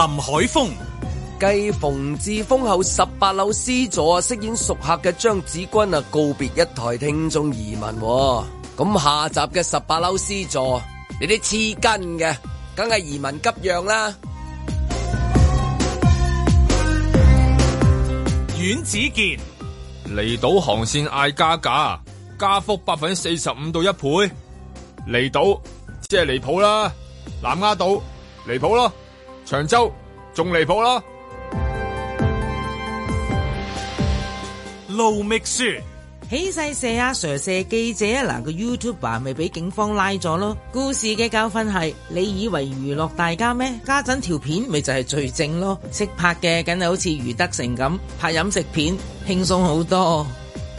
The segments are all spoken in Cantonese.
林海峰繼馮志峰後，十八樓 C 座飾演熟客嘅張子君啊，告別一台聽眾移民、哦。咁下集嘅十八樓 C 座，你啲黐筋嘅，梗係移民急讓啦。阮子健離島航線嗌加價，加幅百分之四十五到一倍，離島即係離譜啦，南丫島離譜咯。長洲仲離譜啦！路秘書起勢射阿 Sir 射記者，嗱個 YouTuber 咪俾警方拉咗咯。故事嘅教訓係你以為娛樂大家咩？家陣條片咪就係罪證咯。識拍嘅梗係好似余德成咁拍飲食片，輕鬆好多。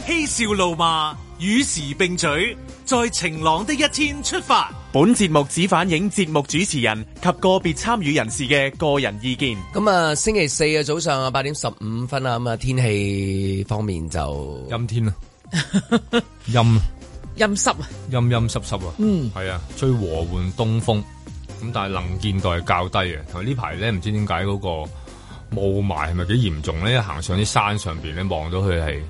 嬉笑怒罵與時並舉，在晴朗的一天出發。本節目只反映節目主持人及個別參與人士嘅個人意見。咁啊，星期四嘅早上啊，八點十五分啊，咁啊，天氣方面就陰天啊，陰陰濕啊，陰陰濕濕啊。嗯，係啊，吹和緩東風，咁但係能見度係較低啊。同埋呢排咧，唔知點解嗰個霧霾係咪幾嚴重咧？一行上啲山上邊咧，望到佢係。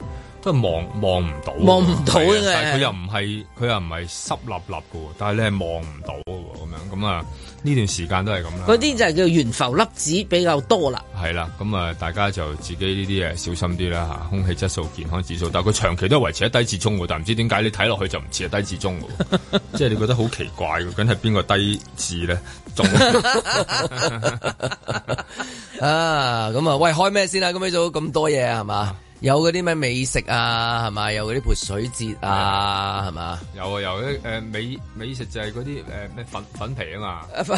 都望望唔到，望唔到佢又唔係，佢又唔係濕立立嘅，但係你係望唔到嘅咁樣。咁啊呢段時間都係咁啦。嗰啲就係叫懸浮粒子比較多啦。係啦，咁啊，大家就自己呢啲誒小心啲啦吓。空氣質素、健康指數，但係佢長期都係維持喺低至中嘅。但唔知點解你睇落去就唔似係低至中嘅，即係你覺得好奇怪嘅。梗係邊個低至咧？啊，咁啊，喂，開咩先啊？咁你做咁多嘢啊，係嘛？有嗰啲咩美食啊，係嘛？有嗰啲潑水節啊，係嘛，啊？有啊有啲誒美美食就係嗰啲誒咩粉粉皮啊嘛， 是吧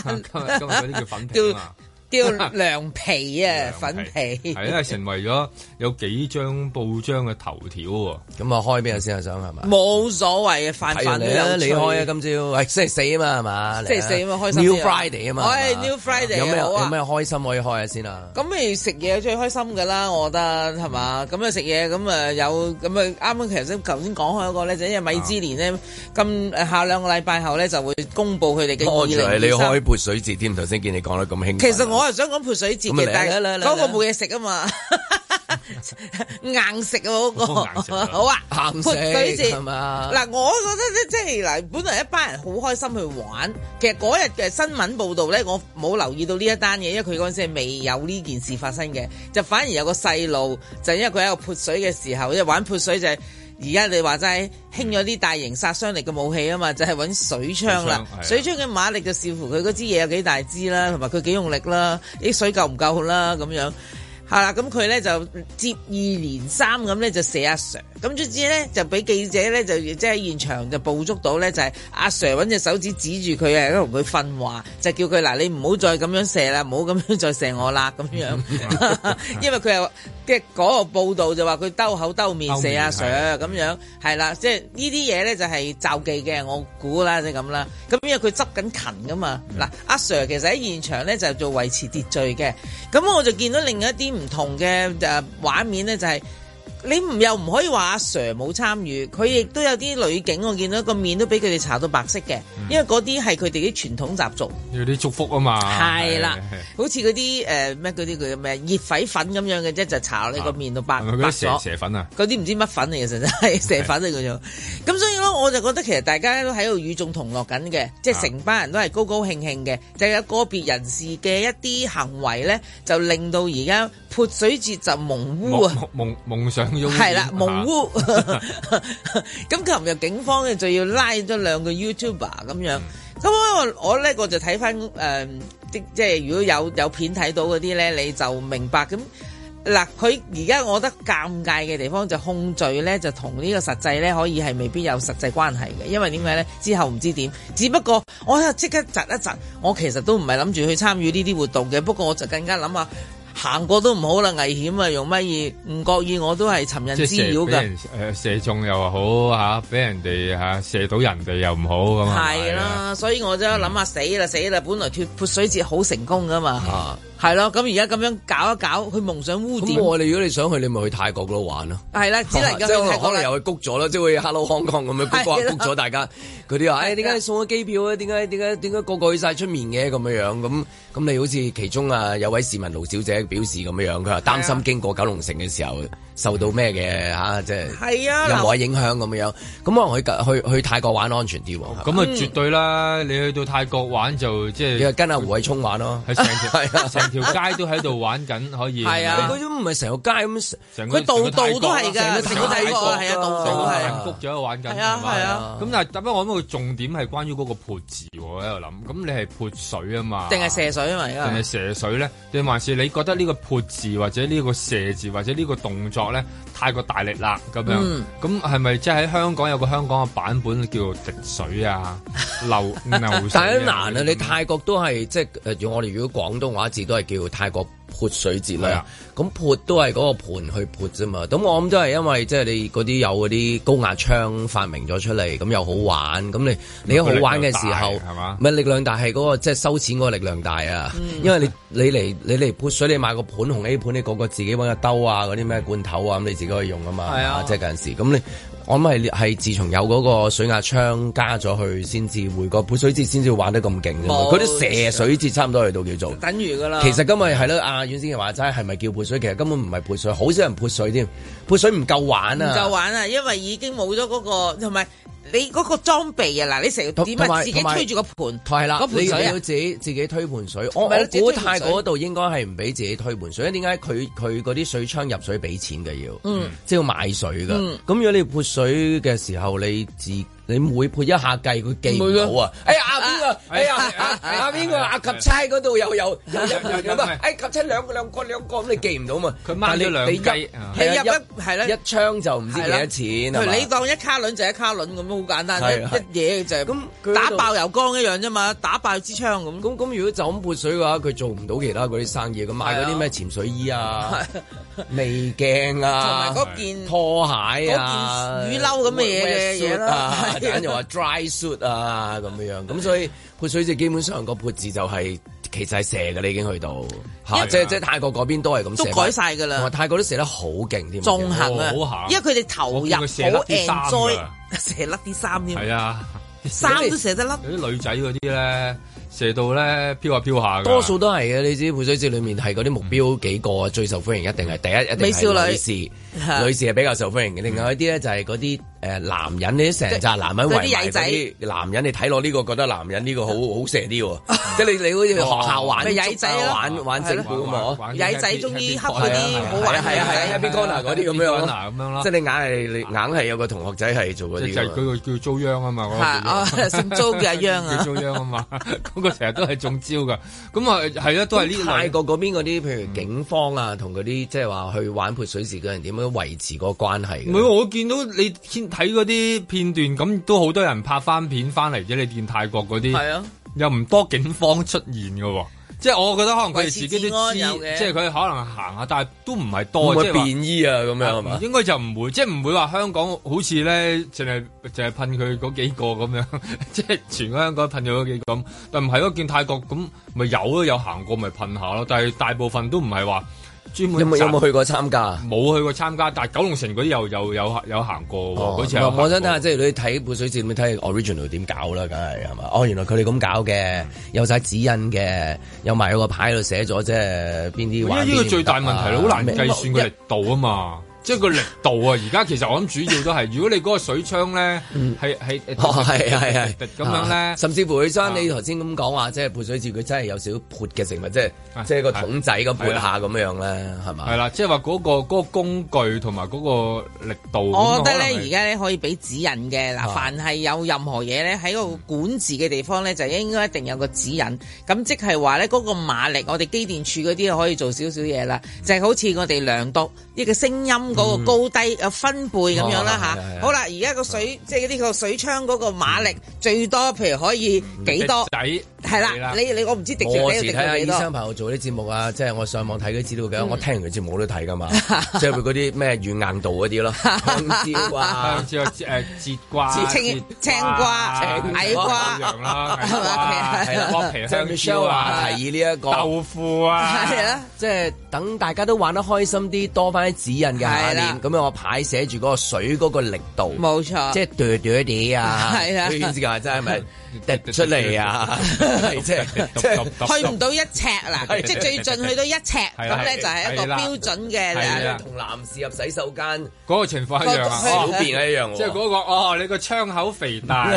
今日今日嗰啲叫粉皮啊嘛。叫涼皮啊，粉皮係啦，成為咗有幾張報章嘅頭條喎。咁啊，開邊個先啊？想係嘛？冇所謂嘅，煩唔煩啊？你開啊！今朝，星期四死啊嘛，係嘛？星期四啊嘛，開心。New Friday 啊嘛，我 New Friday 有咩有咩開心可以開下先啊？咁咪食嘢最開心噶啦，我覺得係嘛？咁啊食嘢，咁啊有咁啊啱啱，其實先頭先講開一個咧，就因為米芝蓮咧，咁下兩個禮拜後咧就會公布佢哋嘅二零二三。你開潑水節添，頭先見你講得咁興。其實我。我係想講潑水節，但係嗰個冇嘢食啊嘛， 硬食啊嗰、嗰個，好啊，好啊，潑水節嗱，係咪？我覺得咧，即係嗱，本來一班人好開心去玩，其實嗰日嘅新聞報導咧，我冇留意到呢一單嘢，因為佢嗰陣時係未有呢件事發生嘅，就反而有個細路，就係、因為佢喺度潑水嘅時候，即係玩潑水就係、係。而家你話齋興咗啲大型殺傷力嘅武器啊嘛，就係、是、揾水槍啦。水槍嘅馬力就視乎佢嗰支嘢有幾大支啦，同埋佢幾用力啦，啲水夠唔夠好啦咁樣。係啦，咁佢咧就接二連三咁咧就射阿 Sir。咁卒之咧就俾記者咧就即係現場就捕捉到咧就係、是、阿 Sir 揾隻手指指住佢啊，跟住同佢訓話，就叫佢嗱你唔好再咁樣射啦，唔好咁樣再射我啦咁樣。因為佢又即係嗰個報道就話佢兜口兜面射阿 Sir 咁樣，係啦、嗯，即係呢啲嘢咧就係就忌嘅，我估啦即係咁啦。咁因為佢執緊勤噶嘛，嗱阿、嗯啊、Sir 其實喺現場咧就做維持秩序嘅。咁我就見到另一啲唔同嘅誒畫面咧、就是，就係。你唔又唔可以話阿 Sir 冇參與，佢亦都有啲女警，我見到個面都俾佢哋搽到白色嘅，因為嗰啲係佢哋啲傳統習俗。有啲祝福啊嘛，係啦，好似嗰啲誒咩嗰啲叫咩熱痱粉咁樣嘅啫，就搽、係、落你個面度白蛇粉啊，嗰啲唔知乜粉嚟，其實就係蛇粉嚟嘅啫。咁的的所以咧，我就覺得其實大家都喺度與眾同樂緊嘅，即係成班人都係高高興興嘅，就有個別人士嘅一啲行為咧，就令到而家潑水節就蒙污啊，夢夢想。係啦，蒙污。咁琴日警方咧就要拉咗兩個 YouTuber 咁樣。咁、嗯、我我咧我就睇翻誒即係如果有有片睇到嗰啲咧，你就明白。咁嗱，佢而家我覺得尷尬嘅地方就控罪咧，就同呢個實際咧，可以係未必有實際關係嘅。因為點解咧？之後唔知點。只不過我即刻窒一窒，我其實都唔係諗住去參與呢啲活動嘅。不過我就更加諗下。行過都唔好啦，危險啊，用乜嘢唔覺意我都係尋人滋擾嘅。誒、呃，射中又好吓，俾、啊、人哋吓、啊、射到人哋又唔好咁啊。係啦、啊，所以我即係諗下死啦死啦，本來脫潑水節好成功噶嘛，係咯、啊。咁而家咁樣搞一搞，佢蒙上污點。我哋如果你想去，你咪去泰國嗰度玩咯、啊。係啦、啊，只能夠、啊、可能又去谷咗啦，即係會 hello 香港咁樣谷谷咗、啊、大家。佢哋話，誒，點解你送咗機票啊？點解，點解，點解個個去曬出面嘅，咁樣咁，你好似其中啊有位市民盧小姐表示咁樣樣，佢話擔心經過九龍城嘅時候，受到咩嘅吓，即係有冇影響咁樣？咁可能去去去泰國玩安全啲喎，咁啊絕對啦！你去到泰國玩就即係跟阿胡偉聰玩咯，係啊，成條街都喺度玩緊，可以係啊，佢都唔係成個街咁成，佢度度都係㗎，成個泰國係啊，度度係啊，谷咗喺度玩緊，係啊，係啊，咁但係，不過我諗個重點係關於嗰個潑字喎，喺度諗。咁你係潑水啊嘛，定係射水啊定係射水咧？定還是你覺得呢個潑字或者呢個射字或者呢個動作？咧泰國大力啦咁樣，咁係咪即喺香港有個香港嘅版本叫做滴水啊，流、流水啊、 但係難啊！你泰國都係，即係誒我哋如果廣東話字都係叫泰國。潑水節啦，咁潑的都係嗰個盤去潑啫嘛，咁我諗都係因為即係、就是、你嗰啲有嗰啲高壓槍發明咗出嚟，咁又好玩，咁你、嗯、你一好玩嘅時候係嘛，唔係力量大，係嗰個即係收錢嗰個力量大啊，因為你你嚟你嚟潑水，你買個盤紅 A 盤，你個個自己搵個兜啊、嗰啲咩罐頭啊，咁你自己可以用啊嘛，係啊的，即係嗰陣時咁你。我諗係自從有嗰個水壓槍加咗去，先至回個潑水節，先至玩得咁勁啫。佢啲蛇水節差唔多喺度叫做，等於噶啦。其實今日係咯，阿婉先嘅話齋係咪叫潑水？其實根本唔係潑水，好少人潑水添。潑水唔夠玩啊，唔夠玩啊，因為已經冇咗嗰個同埋。你嗰個裝備啊，嗱，你成日點自己推住個盤，係啦有，你又要自己自己推盤水。哦、我古泰嗰度應該係唔俾自己推盤水，因為點解佢佢嗰啲水槍入水俾錢嘅要，即係要買水嘅。咁、嗯、如果你潑水嘅時候，你自你每撥一下計，佢記唔到啊！哎呀邊個？哎呀，阿阿邊個？阿及差嗰度又有有有哎及差兩個兩個兩個，咁你記唔到嘛？佢掹咗兩計，你入一係一槍就唔知幾多錢你當一卡輪就一卡輪咁好簡單，一嘢就咁打爆油缸一樣啫嘛，打爆支槍咁。咁咁如果就咁潑水嘅話，佢做唔到其他嗰啲生意，咁賣嗰啲咩潛水衣啊、未鏡啊、同埋嗰件拖鞋啊、雨褸咁嘅嘢嘅嘢咯。啲人又話 dry shoot 啊咁樣，咁所以潑水節基本上個潑字就係其實係射嘅，你已經去到嚇，即係即係泰國嗰邊都係咁射。都改晒㗎啦！泰國都射得好勁添，縱行啊，因為佢哋投入好 enjoy，射甩啲衫添。係啊，衫都射得甩。有啲女仔嗰啲咧射到咧飄下飄下。多數都係嘅，你知潑水節裡面係嗰啲目標幾個最受歡迎，一定係第一，一定係美少女、女士係比較受歡迎嘅。另外一啲咧就係嗰啲。誒，男人呢成扎男人圍住，男人你睇落呢個覺得男人呢個好好射啲喎，即係你你好似學校玩啲仔玩玩政府咁嗬，仔中意恰嗰啲好玩係啊係啊 b i o n 嗰啲咁樣，即係你硬係你硬係有個同學仔係做嗰啲，即係叫做叫遭殃啊嘛，係啊姓遭叫阿殃啊，叫遭殃啊嘛，嗰個成日都係中招噶，咁啊係啊，都係呢泰國嗰邊嗰啲譬如警方啊，同嗰啲即係話去玩潑水時嘅人點樣維持個關係？唔係我見到你睇嗰啲片段，咁都好多人拍翻片翻嚟啫。你見泰國嗰啲，係啊，又唔多警方出現嘅，即係我覺得可能佢哋自己都知，即係佢可能行下，但係都唔係多，即便衣啊咁樣係嘛？嗯，應該就唔會，即係唔會話香港好似咧，淨係淨係噴佢嗰幾個咁樣，即係全香港噴咗幾個咁。但唔係咯，見泰國咁，咪有咯，有行過咪噴下咯。但係大部分都唔係話。專門有冇有冇去過參加啊？冇去過參加，但係九龍城嗰啲又又有有，有行過。嗰、哦、次、嗯、我想睇下，即係你睇《潑水節》，咪睇 original 點搞啦，梗係係嘛？哦，原來佢哋咁搞嘅，有晒指引嘅，有埋有個牌喺度寫咗，即係邊啲玩。因為呢個最大問題，好、啊、難計算嘅力度啊嘛。嗯嗯嗯嗯即係個力度啊！而家其實我諗主要都係，如果你嗰個水槍咧係係哦係係係咁樣咧，甚至乎佢將你頭先咁講話，即係潑水節，佢真係有少少潑嘅食物，即係即係個桶仔咁潑下咁樣咧，係嘛？係啦，即係話嗰個嗰個工具同埋嗰個力度，我覺得咧而家咧可以俾指引嘅嗱，啊、凡係有任何嘢咧喺個管治嘅地方咧，就應該一定有一個指引。咁即係話咧嗰個馬力，我哋機電處嗰啲可以做少少嘢啦，就係、是、好似我哋量度一個聲音。嗰個高低有分貝咁樣啦吓，好啦，而家個水即係呢個水槍嗰個馬力最多，譬如可以幾多？底係啦，你你我唔知。我有時睇下醫生朋友做啲節目啊，即係我上網睇啲資料嘅，我聽完佢節目我都睇㗎嘛，即係佢嗰啲咩軟硬度嗰啲咯。唔知喎，仲有誒節瓜、青青瓜、矮瓜，一樣啦，係嘛？係啊，菠蘿、青椒啊，提議呢一個豆腐啊，係啊，即係等大家都玩得開心啲，多翻啲指引嘅。咁對樣我牌寫住嗰個水嗰個力度，冇錯，即係對對啲啊，係啊，呢件事就係真係咪？出嚟啊！即係去唔到一尺嗱，即係最盡去到一尺咁咧，就係一個標準嘅同男士入洗手間嗰個情況一樣，小便一樣，即係嗰個哦，你個窗口肥大，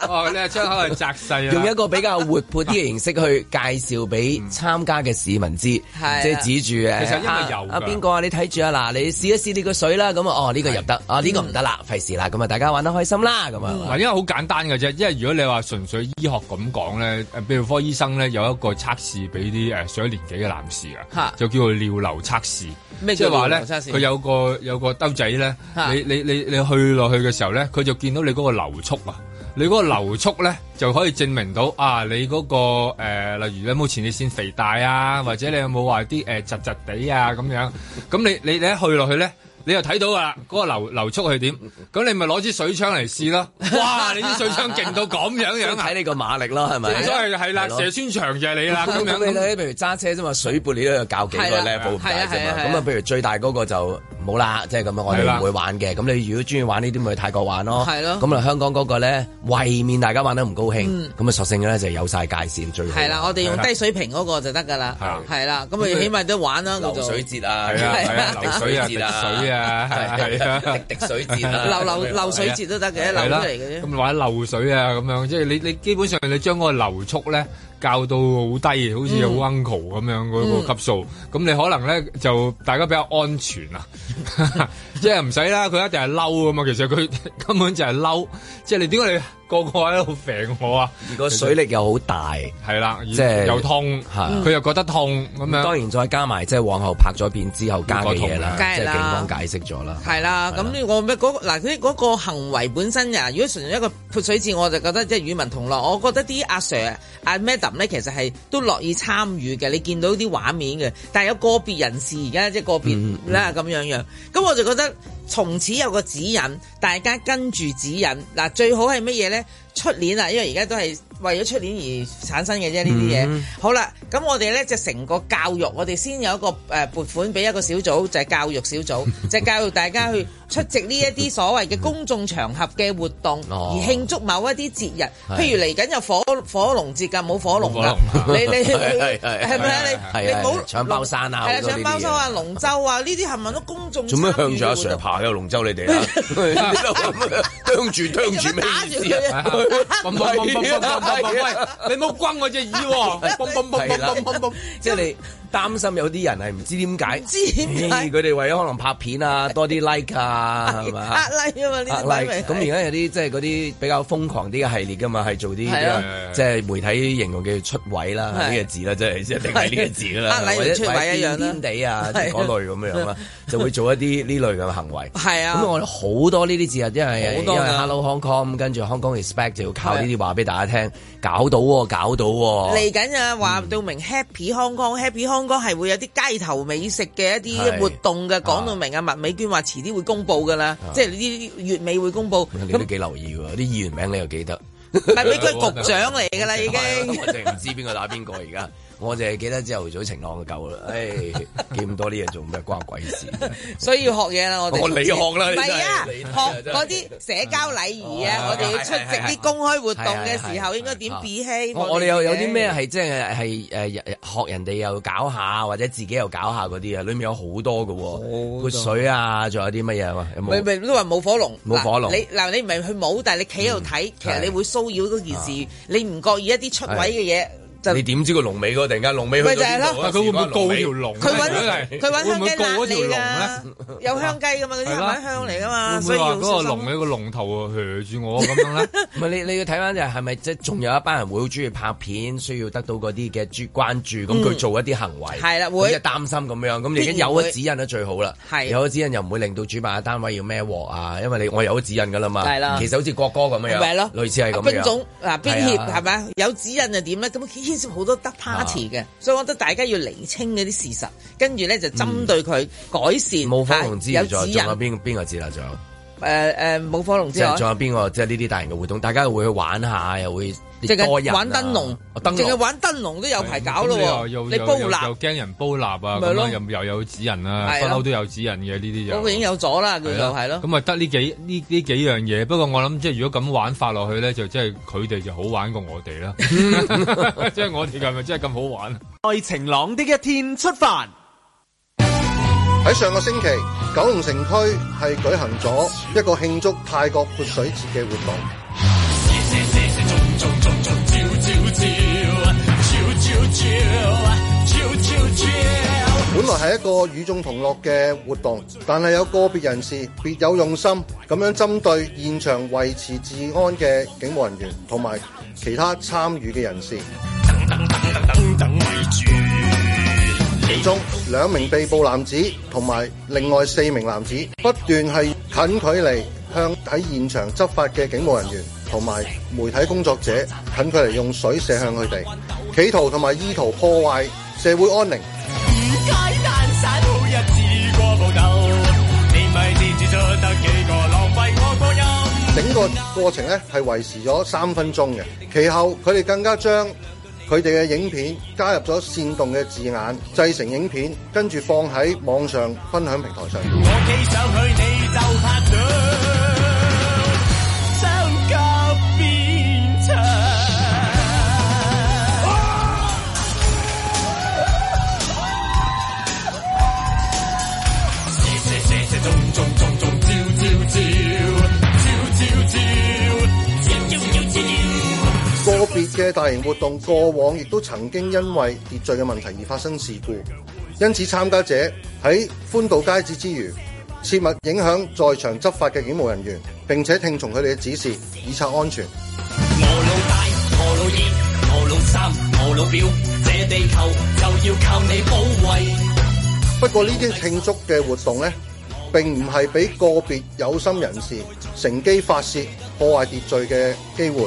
哦你個窗口係窄細，用一個比較活潑啲嘅形式去介紹俾參加嘅市民知，即係指住啊其實因為邊個啊？你睇住啊嗱，你試一試你個水啦，咁啊哦呢個入得啊呢個唔得啦，費事啦，咁啊大家玩得開心啦，咁啊嗱，因為好簡單嘅啫。因為如果你話純粹醫學咁講咧，泌尿科醫生咧有一個測試俾啲誒上咗年紀嘅男士嘅，哈就叫做尿流測試，即係話咧，佢有個有個兜仔咧，你你你你，你去落去嘅時候咧，佢就見到你嗰個流速啊，你嗰個流速咧就可以證明到啊，你嗰、嗰個誒、呃，例如你有冇前列腺肥大啊，或者你有冇話啲誒窒窒地啊咁樣，咁你你你一去落去咧。你又睇到噶啦，嗰個流流速係點？咁你咪攞支水槍嚟試咯。哇！你啲水槍勁到咁樣樣睇你個馬力咯，係咪？都係係啦，射穿牆就係你啦。咁你咧，譬如揸車啫嘛，水撥你都有較幾個 level 咁啊。譬如最大嗰個就唔好啦，即係咁樣，我哋唔會玩嘅。咁你如果中意玩呢啲，咪去泰國玩咯。係咯。咁啊，香港嗰個咧，為免大家玩得唔高興，咁啊，索性咧就有晒界線最好。係啦，我哋用低水平嗰個就得㗎啦。係啦。係啦。咁起碼都玩啦。潑水節啊，水啊，水啊。係係啊， 滴滴水節，漏漏漏水節都得嘅，漏出嚟嘅啫。咁或者漏水啊，咁樣即係、就是、你你基本上你將個流速咧。教到好低，好似有 uncle 咁樣個級數，咁你可能咧就大家比較安全啊，即係唔使啦，佢一定係嬲㗎嘛。其實佢根本就係嬲，即係你點解你個個喺度搵我啊？個水力又好大，係啦，即係又痛，佢又覺得痛咁樣。當然再加埋即係往後拍咗片之後加嘅嘢啦，即係警方解釋咗啦，係啦。咁我咩嗰嗱嗰個行為本身呀？如果純粹一個潑水節，我就覺得即係與民同樂。我覺得啲阿 sir 阿咧，其實係都樂意參與嘅，你見到啲畫面嘅，但係有個別人士而家即係個別啦咁樣樣，咁我就覺得從此有個指引，大家跟住指引，嗱最好係乜嘢呢？出年啦，因為而家都係。為咗出年而產生嘅啫呢啲嘢，好啦，咁我哋咧就成個教育，我哋先有一個誒撥款俾一個小組，就係教育小組，就係教育大家去出席呢一啲所謂嘅公眾場合嘅活動，而慶祝某一啲節日，譬如嚟緊有火火龍節，㗎冇火龍啦，你你你係咪啊？你你冇搶包山啊？係啊，搶包山啊，龍舟啊，呢啲係咪都公眾參與嘅？做咩向住阿 Sir 爬嘅龍舟你哋啊？向住向住咩事啊？喂，vale、你唔好關我隻耳喎！嘣嘣嘣，即係你。擔心有啲人係唔知點解，佢哋為咗可能拍片啊，多啲 like 啊，係嘛？拍 like 啊嘛，咁而家有啲即係嗰啲比較瘋狂啲嘅系列㗎嘛，係做啲即係媒體形容叫出位啦，呢個字啦，即係即係定係呢個字啦，或者出位啊，地啊嗰類咁樣啦，就會做一啲呢類咁嘅行為。係啊，咁我哋好多呢啲字啊，因為好多。hello Hong Kong，跟住 Hong Kong expect 就要靠呢啲話俾大家聽，搞到喎，搞到喎，嚟緊啊，話到明 happy Hong Kong，happy 香港係會有啲街頭美食嘅一啲活動嘅，講到是明啊，麥美娟話遲啲會公布噶啦，啊、即係呢啲月尾會公布。你都幾留意喎，啲、嗯、議員名你又記得？麥 美娟局長嚟噶啦， 啊、已經。 我淨係唔知邊個打邊個而家。 我就係記得朝頭早晴朗就夠啦，唉，記咁多啲嘢做咩？關鬼事！所以要學嘢啦，我哋學你學啦，唔係啊，學嗰啲社交禮儀啊，我哋要出席啲公開活動嘅時候應該點比戲。我哋又有啲咩係即係係誒學人哋又搞下，或者自己又搞下嗰啲啊？裡面有好多嘅喎，潑水啊，仲有啲乜嘢啊？有冇？咪都話冇火龍，冇火龍。你嗱你唔係去舞，但係你企喺度睇，其實你會騷擾嗰件事，你唔覺意一啲出位嘅嘢。你點知個龍尾突然間龍尾去到邊度啊？佢會唔會告條龍？佢揾佢揾香雞攔你㗎咧？有香雞㗎嘛？嗰啲揾香嚟㗎嘛？會唔會話嗰個龍呢個龍頭啊住我咁樣咧？唔係你你要睇翻就係咪即係仲有一班人會好中意拍片，需要得到嗰啲嘅注關注，咁佢做一啲行為係啦，會就擔心咁樣，咁你已經有咗指引啦，最好啦，有咗指引又唔會令到主辦嘅單位要咩鑊啊？因為你我有指引㗎啦嘛，其實好似國歌咁樣咪咯，類似係咁樣。邊總嗱邊協係咪有指引就點咧？咁。牽涉好多第三方嘅，啊、所以我覺得大家要釐清嗰啲事實，跟住咧就針對佢改善。冇放行資助，仲有邊邊個資助？誒誒，舞火龍之後，仲有邊個？即係呢啲大型嘅活動，大家會去玩下，又會即係玩燈籠，淨係玩燈籠都有排搞咯。你煲蠟又驚人煲蠟啊，又有指人啊！不嬲都有指人嘅呢啲嘢，都已經有咗啦，佢就係咯。咁啊，得呢幾呢呢幾樣嘢。不過我諗，即係如果咁玩法落去咧，就即係佢哋就好玩過我哋啦。即係我哋係咪真係咁好玩？在晴朗的一天出發。喺上個星期，九龍城區係舉行咗一個慶祝泰國潑水節嘅活動。本來係一個與眾同樂嘅活動，但係有個別人士別有用心，咁樣針對現場維持治安嘅警務人員同埋其他參與嘅人士。其中兩名被捕男子同埋另外四名男子不斷係近距離向喺現場執法嘅警務人員同埋媒體工作者近距離用水射向佢哋，企圖同埋意圖破壞社會安寧。整個過程咧係維持咗三分鐘嘅，其後佢哋更加將佢哋嘅影片加入咗煽動嘅字眼，製成影片，跟住放喺網上分享平台上。個別嘅大型活動，過往亦都曾經因為秩序嘅問題而發生事故，因此參加者喺歡度佳節之餘，切勿影響在場執法嘅警務人員，並且聽從佢哋嘅指示，以策安全。不過呢啲慶祝嘅活動呢，並唔係俾個別有心人士乘機發泄破壞秩序嘅機會。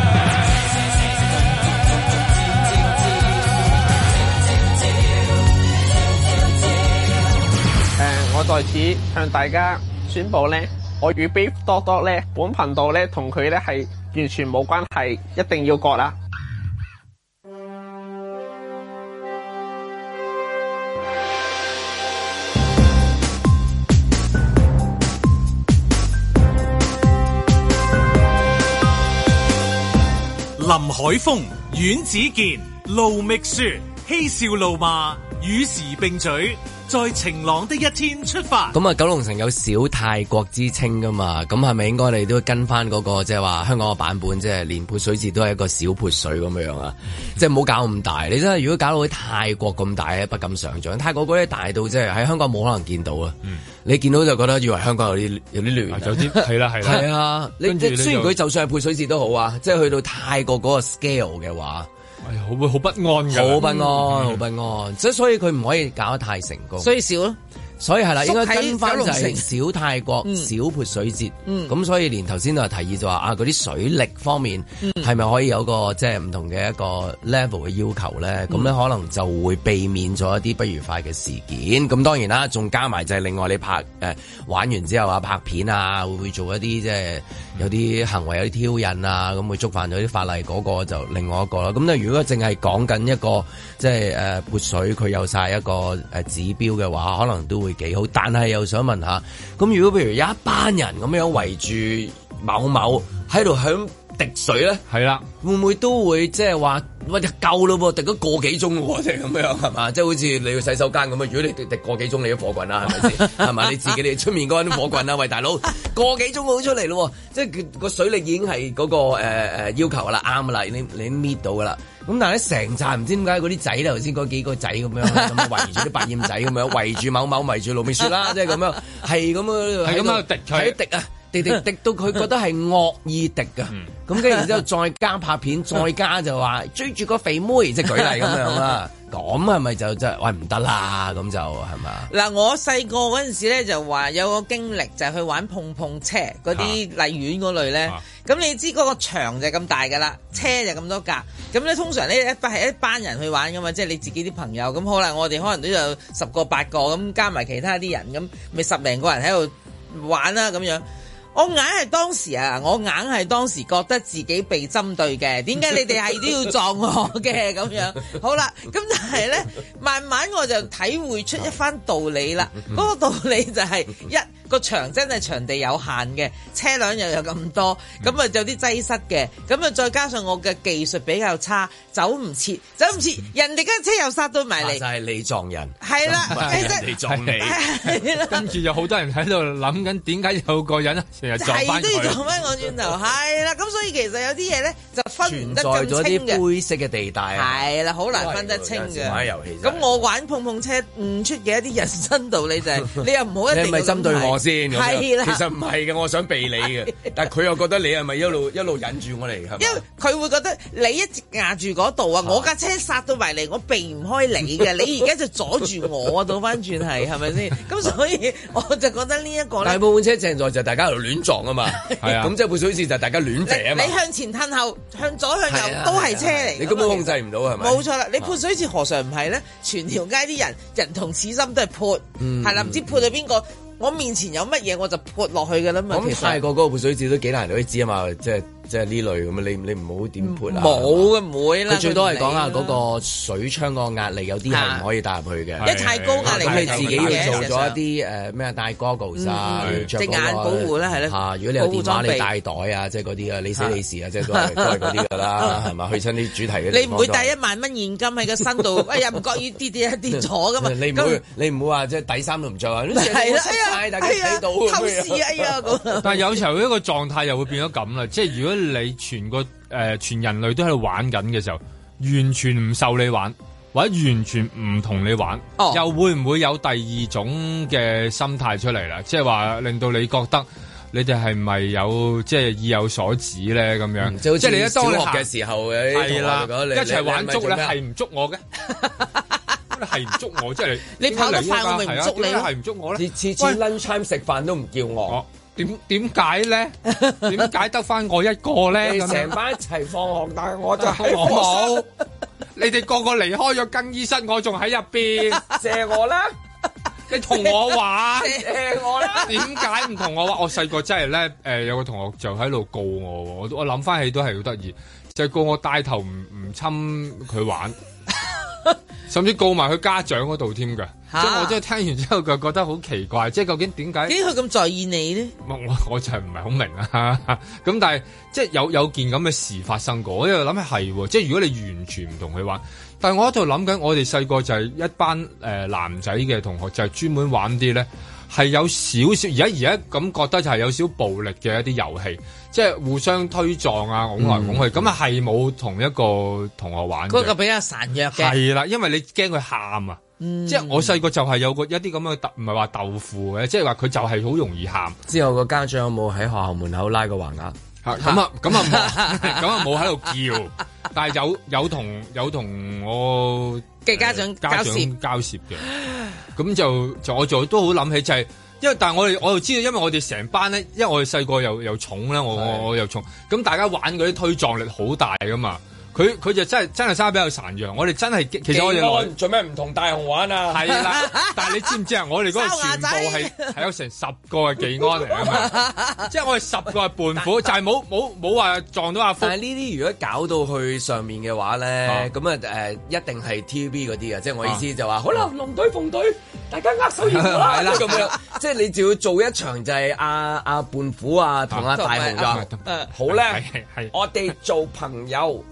我在此向大家宣布咧，我與 Beef 多多咧，本頻道咧同佢咧係完全冇關係，一定要割啦！林海峰、阮子健、盧覓雪，嬉笑怒罵，與時並嘴。在晴朗的一天出發。咁啊，九龍城有小泰國之稱噶嘛？咁係咪應該你都跟翻嗰、那個即係話香港嘅版本，即係連潑水節都係一個小潑水咁樣啊？ 即係冇搞咁大。你真係如果搞到去泰國咁大，不敢想像。泰國嗰啲大到即係喺香港冇可能見到啊。嗯、你見到就覺得以為香港有啲有啲亂。有啲係啦係啦。係啊，你即係雖然佢就算係潑水節都好啊，即係去到泰國嗰個 scale 嘅話。係會好不安嘅，好不安，好不安，即所以佢唔可以搞得太成功，所以少咯。所以係啦，應該跟翻就係小泰國、嗯、小潑水節，咁、嗯、所以連頭先都係提議就話啊，啲水力方面係咪、嗯、可以有個即係唔同嘅一個 level 嘅要求咧？咁咧、嗯、可能就會避免咗一啲不愉快嘅事件。咁當然啦，仲加埋就係另外你拍誒、呃、玩完之後啊，拍片啊，會會做一啲即係有啲行為有啲挑釁啊，咁會觸犯咗啲法例，嗰個就另外一個啦。咁咧，如果淨係講緊一個即係誒潑水佢有晒一個誒指標嘅話可能都會。幾好，但係又想問下，咁如果譬如有一班人咁樣圍住某某喺度響。滴水咧，係啦，會唔會都會即係話喂夠咯，滴咗個幾鐘即係咁樣係嘛，即係好似你去洗手間咁樣，如果你滴滴個幾鐘你都火滾啦，係咪先？係嘛， 你自己你出面嗰啲火滾啦，喂大佬，個幾鐘好出嚟咯，即係個水力已經係嗰、那個誒誒、呃、要求啦，啱啦，你你搣到噶啦。咁但係成站唔知點解嗰啲仔頭先嗰幾個仔咁樣，圍住啲白煙仔咁樣，圍住某某圍住路尾雪啦，即係咁樣，係咁啊，係咁喺滴滴啊。 滴滴滴到佢覺得係惡意滴噶，咁跟住之後再加拍片，再加就話追住個肥妹即係舉例咁樣啦。咁係咪就真係喂唔得啦？咁就係嘛？嗱、啊，我細個嗰陣時咧就話有個經歷就係去玩碰碰車嗰啲荔園嗰類咧。咁、啊、你知嗰個場就咁大㗎啦，車就咁多格。咁咧通常咧一班係一班人去玩㗎嘛，即係你自己啲朋友。咁好啦，我哋可能都有十個八個咁加埋其他啲人咁，咪十零個人喺度玩啦咁樣。我硬係當時啊！我硬係當時覺得自己被針對嘅，點解你哋係都要撞我嘅咁樣？好啦，咁但係咧，慢慢我就體會出一番道理啦。嗰、那個道理就係、是、一個場真係場地有限嘅，車輛又有咁多，咁啊有啲擠塞嘅，咁啊再加上我嘅技術比較差，走唔切，走唔切，人哋架車又殺到埋嚟，係你撞人，係啦，你撞你，是就是、你 跟住就好多人喺度諗緊點解有個人。係都要撞翻我轉頭，係啦，咁所以其實有啲嘢咧就分唔得咁清嘅灰色嘅地帶，係啦，好難分得清嘅。咁我玩碰碰車悟出嘅一啲人生道理就係，你又唔好一定你咪針對我先，係啦，其實唔係嘅，我想避你嘅，但係佢又覺得你係咪一路一路忍住我嚟，因為佢會覺得你一直壓住嗰度啊，我架車殺到埋嚟，我避唔開你嘅，你而家就阻住我，倒翻轉係係咪先？咁所以我就覺得呢一個大碰碰車正座就大家亂撞啊嘛，咁 即係潑水節就大家亂掟啊嘛，你，你向前褪後，向左向右都係車嚟，啊啊啊、你根本控制唔到係咪？冇錯啦，你潑水節何嘗唔係咧？全條街啲人 人同此心都係潑，係啦、嗯，唔、啊、知潑到邊個，嗯、我面前有乜嘢我就潑落去噶啦嘛。其實我泰國嗰個潑水節都幾難，你可以知啊嘛，即係。即係呢類咁你你唔好點撥啊！冇嘅唔會啦。最多係講下嗰個水槍個壓力有啲係唔可以帶入去嘅，因為太高壓力係自己做咗一啲誒咩戴 goggles 啊，隻眼保護啦，係啦。如果你有電話你帶袋啊，即係嗰啲啊，你死你事啊，即係都係嗰啲㗎啦，係嘛？去親啲主題嗰啲。你唔會帶一萬蚊現金喺個身度，哎呀唔覺意跌跌跌坐㗎嘛！你唔會你唔會話即係底衫都唔著啊！係啊，係啊，透視啊，哎呀但係有時候一個狀態又會變咗咁啦，即係如果。你全個誒全人類都喺度玩緊嘅時候，完全唔受你玩，或者完全唔同你玩，又會唔會有第二種嘅心態出嚟啦？即係話令到你覺得你哋係咪有即係意有所指咧？咁樣即係你小學嘅時候，你一齊玩捉咧，係唔捉我嘅？係唔捉我即係你？你跑得快，我咪捉你係唔捉我咧？你次次 lunch time 食飯都唔叫我。點點解咧？點解得翻我一個咧？成班一齊放學，但係我就喺我室。哎、 你哋個個離開咗更衣室，我仲喺入邊。借我啦！你同我玩。借我啦！點解唔同我玩？我細個真係咧，誒、呃，有個同學就喺度告我，我我諗翻起都係好得意，就係、是、告我帶頭唔唔侵佢玩，甚至告埋佢家長嗰度添噶。即係、啊，我真係聽完之後，就覺得好奇怪，即係究竟點解？點解佢咁在意你咧？我我就係唔係好明啊！咁 但係即係有有件咁嘅事發生過，我又諗係係喎。即係如果你完全唔同佢玩，但係我喺度諗緊，我哋細個就係一班誒、呃、男仔嘅同學，就係專門玩啲咧。係有少少，而家而家咁覺得就係有少少暴力嘅一啲遊戲，即係互相推撞啊，拱來拱去，咁啊係冇同一個同學玩嘅。嗰、嗯嗯、個，個比較孱弱嘅。係啦，因為你驚佢喊啊，嗯、即係我細個就係有個一啲咁嘅唔係話豆腐嘅，即係話佢就係好容易喊。之後個家長有冇喺學校門口拉個橫額？咁啊，咁啊冇，咁啊冇喺度叫，但係有有同有同我嘅家長交涉交涉嘅，咁就就我都就都好諗起，就係因為但係我哋我又知道，因為我哋成班咧，因為我哋細個又又重咧，我我是的 我又重，咁大家玩嗰啲推撞力好大噶嘛。佢佢就真係真係生得比較孱弱，我哋真係，其實我哋做咩唔同大雄玩啊？係啦，但係你知唔知啊？我哋嗰度全部係係有成十個嘅技安嚟，即係我哋十個係胖虎，就係冇冇冇話撞到阿福。但係呢啲如果搞到去上面嘅話咧，咁啊誒，一定係 TVB 嗰啲啊，即係我意思就話，好啦，龍隊鳳隊，大家握手言和啦，咁樣，即係你就要做一場就係阿阿胖虎啊同阿大雄噶，好咧，我哋做朋友。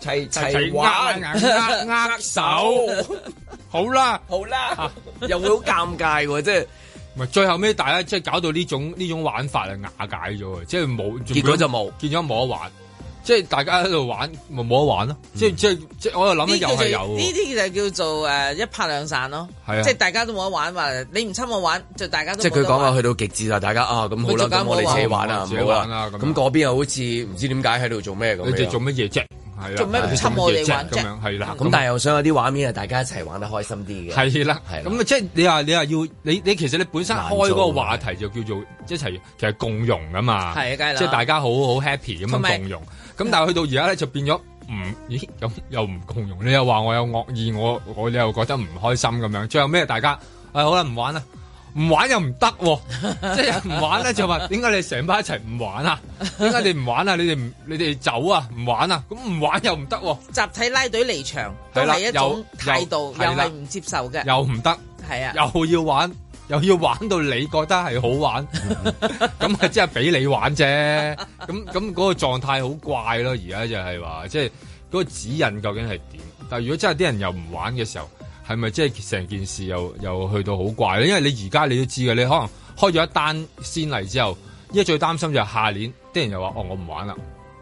齊齊玩握握手，好啦，好啦，又會好尷尬喎！即係咪最後尾大家即係搞到呢種呢種玩法啊瓦解咗啊！即係冇，結果就冇，見咗冇得玩，即係大家喺度玩咪冇得玩咯！即係即係，我又諗有就有。呢啲就叫做誒一拍兩散咯，係啊！即係大家都冇得玩，話你唔侵我玩，就大家即係佢講話去到極致啦！大家啊咁好啦，我哋自己玩啦，唔好啦，咁嗰邊又好似唔知點解喺度做咩咁。你哋做乜嘢啫？做咩出外嚟玩咁是樣？係啦，咁但係又想有啲畫面啊，大家一齊玩得開心啲嘅。係啦，啊，係咁，啊、即係你話你話要你你其實你本身開嗰個話題就叫做，做一齊，其實共融㗎嘛。係啊，梗係啦。即係大家好好 happy 咁樣共融。咁，麼但係去到而家咧，就變咗唔、嗯、咦，又又唔共融。你又話我有惡意，我我你又覺得唔開心咁樣。最後咩？大家誒、哎、好啦，唔玩啦。唔玩又唔得喎，即係唔玩咧，就話，點解你成班一齊唔玩啊？點解你唔玩啊？你哋唔你哋走啊？唔玩啊？咁唔玩又唔得喎，集體拉隊離場都係一種態度，又係唔接受嘅，又唔得。係啊的，又要玩，又要玩到你覺得係好玩，咁啊即係俾你玩啫，咁咁嗰個狀態好怪咯，而家就係話，即係嗰個指引究竟係點？但係如果真係啲人又唔玩嘅時候。係咪即係成件事又又去到好怪咧？因為你而家你都知嘅，你可能開咗一單先例之後，依家最擔心就係下年啲人又話：哦，我唔玩啦。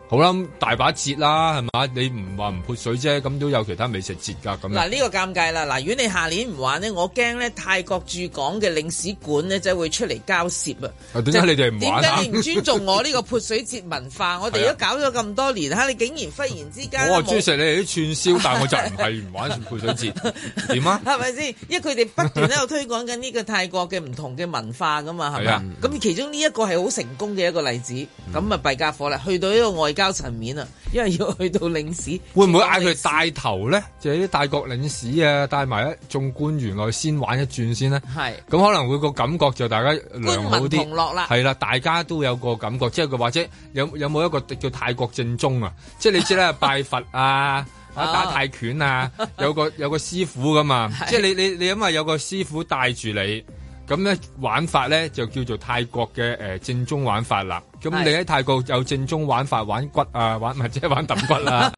好啦，大把節啦，係嘛？你唔話唔潑水啫，咁都有其他美食節噶。咁嗱呢個尷尬啦，嗱，如果你下年唔玩呢，我驚咧泰國駐港嘅領事館咧就會出嚟交涉啊。點解你哋唔玩？點解你唔尊重我呢個潑水節文化？ 我哋都搞咗咁多年，吓、啊、你竟然忽然之間 我啊中意食你哋啲串燒，但我就唔係唔玩潑水節，點 啊？係咪先？因為佢哋不斷喺度推廣緊呢個泰國嘅唔同嘅文化噶嘛，係嘛？咁、啊、 其中呢一個係好成功嘅一個例子，咁啊弊家伙啦，去到呢個外交層面啊，因為要去到領事，會唔會嗌佢帶頭咧？ 就係啲大國領事啊，帶埋一眾官員去先玩一轉先咧。係咁是，可能會個感覺就大家良好啲。同樂啦。係啦，大家都有個感覺，即係佢或者有有冇一個叫泰國正宗啊？即係你知啦，拜佛啊，啊，打泰拳啊， 有個有個師傅噶嘛。即係你你你諗下，有個師傅帶住 是你，咁咧玩法咧就叫做泰國嘅誒正宗玩法啦。咁你喺泰國又正宗玩法玩骨啊，玩咪即係玩揼骨啦，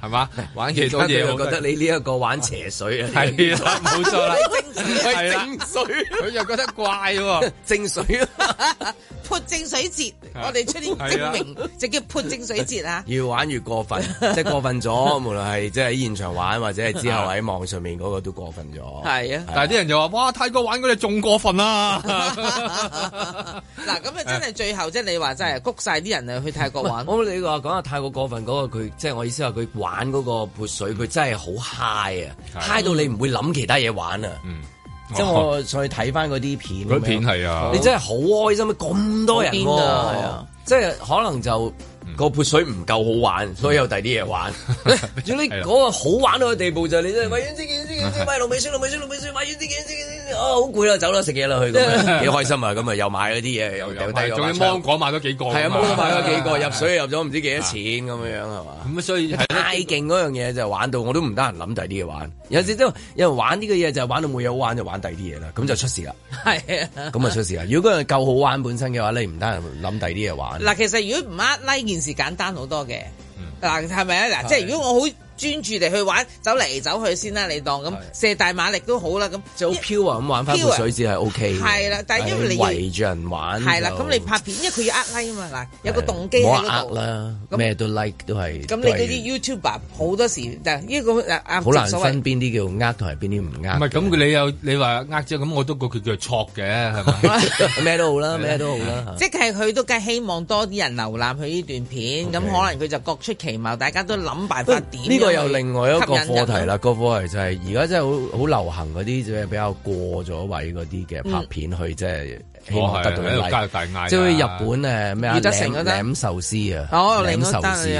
係嘛？玩其他嘢，我覺得你呢一個玩邪水啊，係冇錯啦，正水，佢又覺得怪正水咯，潑正水節，我哋出啲證明，就叫潑正水節啊！越玩越過分，即係過分咗，無論係即係現場玩，或者係之後喺網上面嗰個都過分咗。係啊，但係啲人就話：哇，泰國玩嗰啲仲過分啊！嗱，咁啊真係最後即係你話。真係谷曬啲人啊！去泰國玩，我你話講下泰國過分嗰個佢，即係我意思話佢玩嗰個潑水，佢真係好嗨啊！嗨到你唔會諗其他嘢玩啊！嗯哦、即係我上去睇翻嗰啲片，嗰片係啊！你真係好開心啊！咁多人啊，係啊！即係可能就。個潑水唔夠好玩，所以有第二啲嘢玩。總之嗰個好玩到嘅地步就係你真係買完啲嘢，買完啲嘢，買完啲嘢，買完啲嘢，買完啲嘢，啊好攰啦，走啦，食嘢啦，去咁幾開心啊！咁啊又買咗啲嘢，又掉低咗。仲有芒果買咗幾個？係啊，芒果買咗幾個？入水入咗唔知幾多錢咁樣樣係嘛？咁所以太勁嗰樣嘢就玩到我都唔得閒諗第二啲嘢玩。有時都因為玩呢個嘢就玩到冇嘢好玩就玩第二啲嘢啦，咁就出事啦。係啊，咁啊出事啦！如果嗰樣夠好玩本身嘅話，你唔得閒諗第二啲嘢玩。嗱，其實如果唔甩呢事簡單好多嘅，嗱係咪啊？嗱，是即係如果我好。專注地去玩，走嚟走去先啦。你當咁射大馬力都好啦，咁就好飄啊！咁玩翻個水質係 OK。係啦，但係因為你圍住人玩，係啦，咁你拍片，因為佢要呃啊嘛嗱，有個動機喺嗰度。我呃啦，咩都 like 都係。咁你嗰啲 YouTuber 好多時，但係呢個嗱，好難分邊啲叫呃同埋邊啲唔呃。唔係咁，你有你話呃啫，咁我都覺得佢叫錯嘅，係咪？咩都好啦，咩都好啦。即係佢都梗係希望多啲人瀏覽佢呢段片，咁可能佢就各出奇謀，大家都諗辦法點咗。又有另外一個課題啦，個課題就係而家真係好好流行嗰啲就係比較過咗位嗰啲嘅拍片，去即係希望得到一啲，即係日本誒咩啊？柳壽司啊，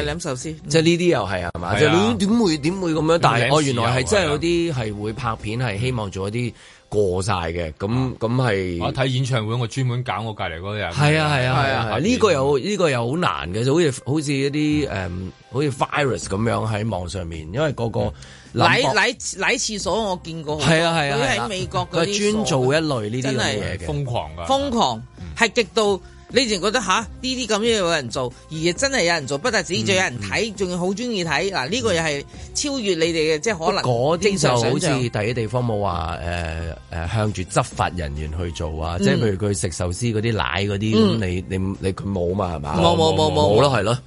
柳壽司，即係呢啲又係係嘛？就點點會點會咁樣？但係我原來係真係有啲係會拍片，係希望做一啲。過晒嘅，咁咁係。我睇演唱會，我專門揀我隔籬嗰人。係啊係啊係啊，呢個又呢個又好難嘅，就好似好似一啲誒，好似 virus 咁樣喺網上面，因為個個瀨瀨瀨廁所，我見過。係啊係啊，喺美國專做一類呢啲，真係瘋狂噶，瘋狂係極度。嗯你仲覺得嚇呢啲咁樣有人做，而真係有人做，不但止仲有人睇，仲要好鍾意睇嗱，呢、啊這個又係超越你哋嘅，即係可能嗰啲就好似第啲地方冇話誒誒向住執法人員去做啊，即係譬如佢食壽司嗰啲奶嗰啲你你你佢冇嘛係嘛？冇冇冇冇冇咯係咯，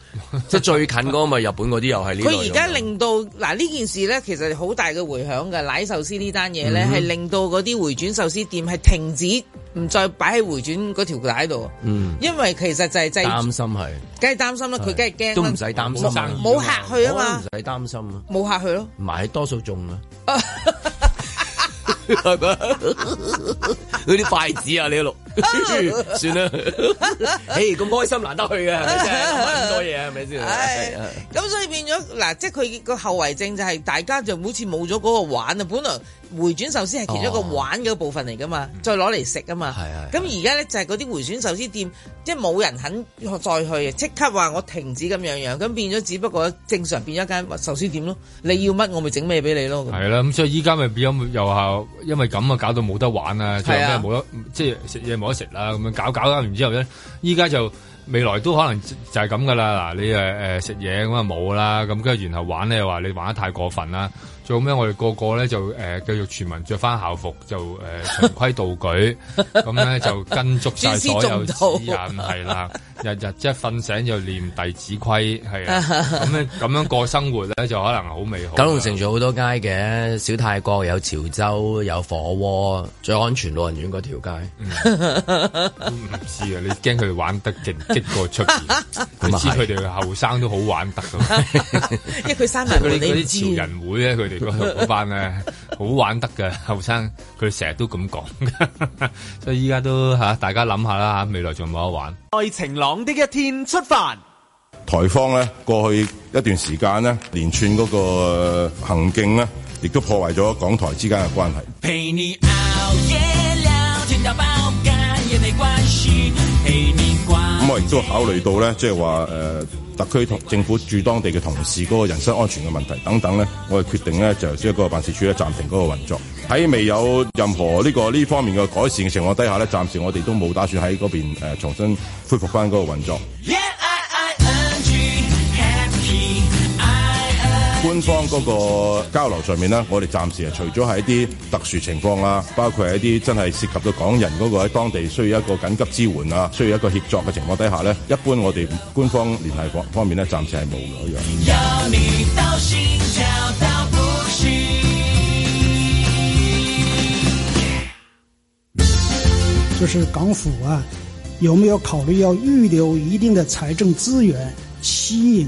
即係最近嗰個咪日本嗰啲又係呢個。佢而家令到嗱呢件事咧，其實好大嘅迴響嘅奶壽司呢單嘢咧，係、嗯、令到嗰啲回轉壽司店係停止唔再擺喺回轉嗰條帶度。嗯。因為其實就係真擔心係，梗係擔心啦，佢梗係驚，都唔使擔心啊，冇吓佢啊嘛，唔使擔心咯，冇吓佢咯，唔係多數中啊。係 啲筷子啊？你錄 算啦了。誒， 咁開心難得去嘅，買咁 多嘢係咪先？咁、哎 哎、所以變咗嗱，即係佢個後遺症就係大家就好似冇咗嗰個玩啊。本來回轉壽司係其中一個玩嘅部分嚟噶，哦，嘛，再攞嚟食啊嘛。咁而家咧就係嗰啲回轉壽司店，即係冇人肯再去啊，即刻話我停止咁樣樣，咁變咗只不過正常變咗一間壽司店咯。你要乜我咪整咩嘢俾你咯。係啦，咁所以依家咪變咗有效。因為咁啊，搞到冇得玩啊，最後真係冇得，是啊、即係食嘢冇得食啦，咁樣搞搞搞完之後咧，依家就未來都可能就係咁噶啦。嗱，你誒誒食嘢咁啊冇啦，咁跟住然後玩咧，又話你玩得太過分啦。做咩？我哋個個咧就誒、呃、繼續全民着翻校服，就誒、呃、循規蹈矩，咁咧就跟足晒所有指引，係啦，日日即係瞓醒就念弟子規，係啊，咁樣咁樣過生活咧就可能好美好。九龍城仲有好多街嘅，小泰國有潮州有火鍋，最安全老人院嗰條街，唔知啊！你驚佢哋玩得勁激過出？唔似佢哋後生都好玩得㗎，因為佢三埋嗰啲潮人會咧，佢。嗰班咧好玩得嘅後生，佢成日都咁講， 所以依家都嚇大家諗下啦嚇，未來仲冇得玩。在晴朗的一天出發，台方咧過去一段時間呢，連串嗰、那個、呃、行徑呢，亦都破壞咗港台之間嘅關係。咁我亦都考慮到咧，即係話誒。呃特區同政府駐當地嘅同事嗰個人身安全嘅問題等等咧，我哋決定咧就即係嗰個辦事處咧暫停嗰個運作。喺未有任何呢、呢個呢方面嘅改善嘅情況底下咧，暫時我哋都冇打算喺嗰邊、呃、重新恢復翻嗰個運作。官方嗰個交流上面呢，我哋暫時啊，除咗係一啲特殊情況啦、啊，包括一啲真係涉及到港人嗰個喺當地需要一個緊急支援啊，需要一個協作嘅情況底下呢，一般我哋官方聯繫方方面呢，暫時係冇嘅一樣。就是港府啊，有沒有考慮要預留一定的財政資源吸引？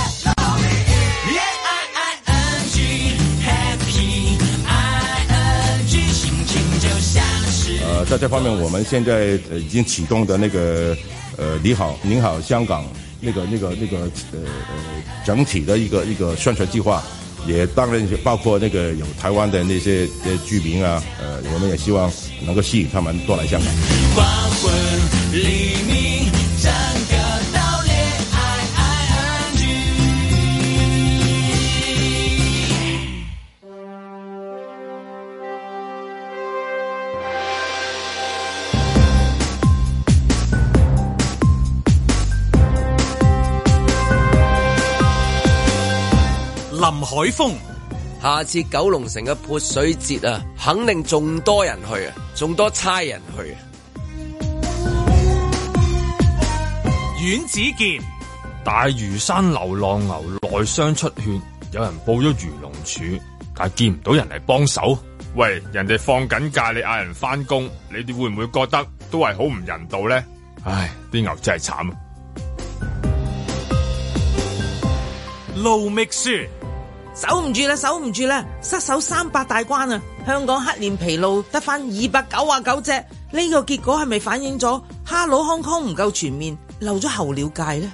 呃、在這方面，我們現在、呃、已經啟動的那個，呃，你好，您好，香港那個、那個、那個，呃呃，整體的一個一個宣傳計劃，也當然包括那個有台灣的那些，那些居民啊，呃，我們也希望能夠吸引他們多來香港。林海峰，下次九龍城嘅潑水節啊，肯定仲多人去啊，仲多差人去啊。阮子健，大嶼山流浪牛內傷出血，有人報咗漁農署，但係見唔到人嚟幫手。喂，人哋放緊假，你嗌人翻工，你哋會唔會覺得都係好唔人道呢？唉，啲牛真係慘啊！盧秘書。守唔住啦，守唔住啦，失守三百大關啊！香港黑臉琵鷺得返二百九十九隻，呢、這個結果係咪反映咗 Hello Hong Kong 唔夠全面，漏咗候鳥界呢？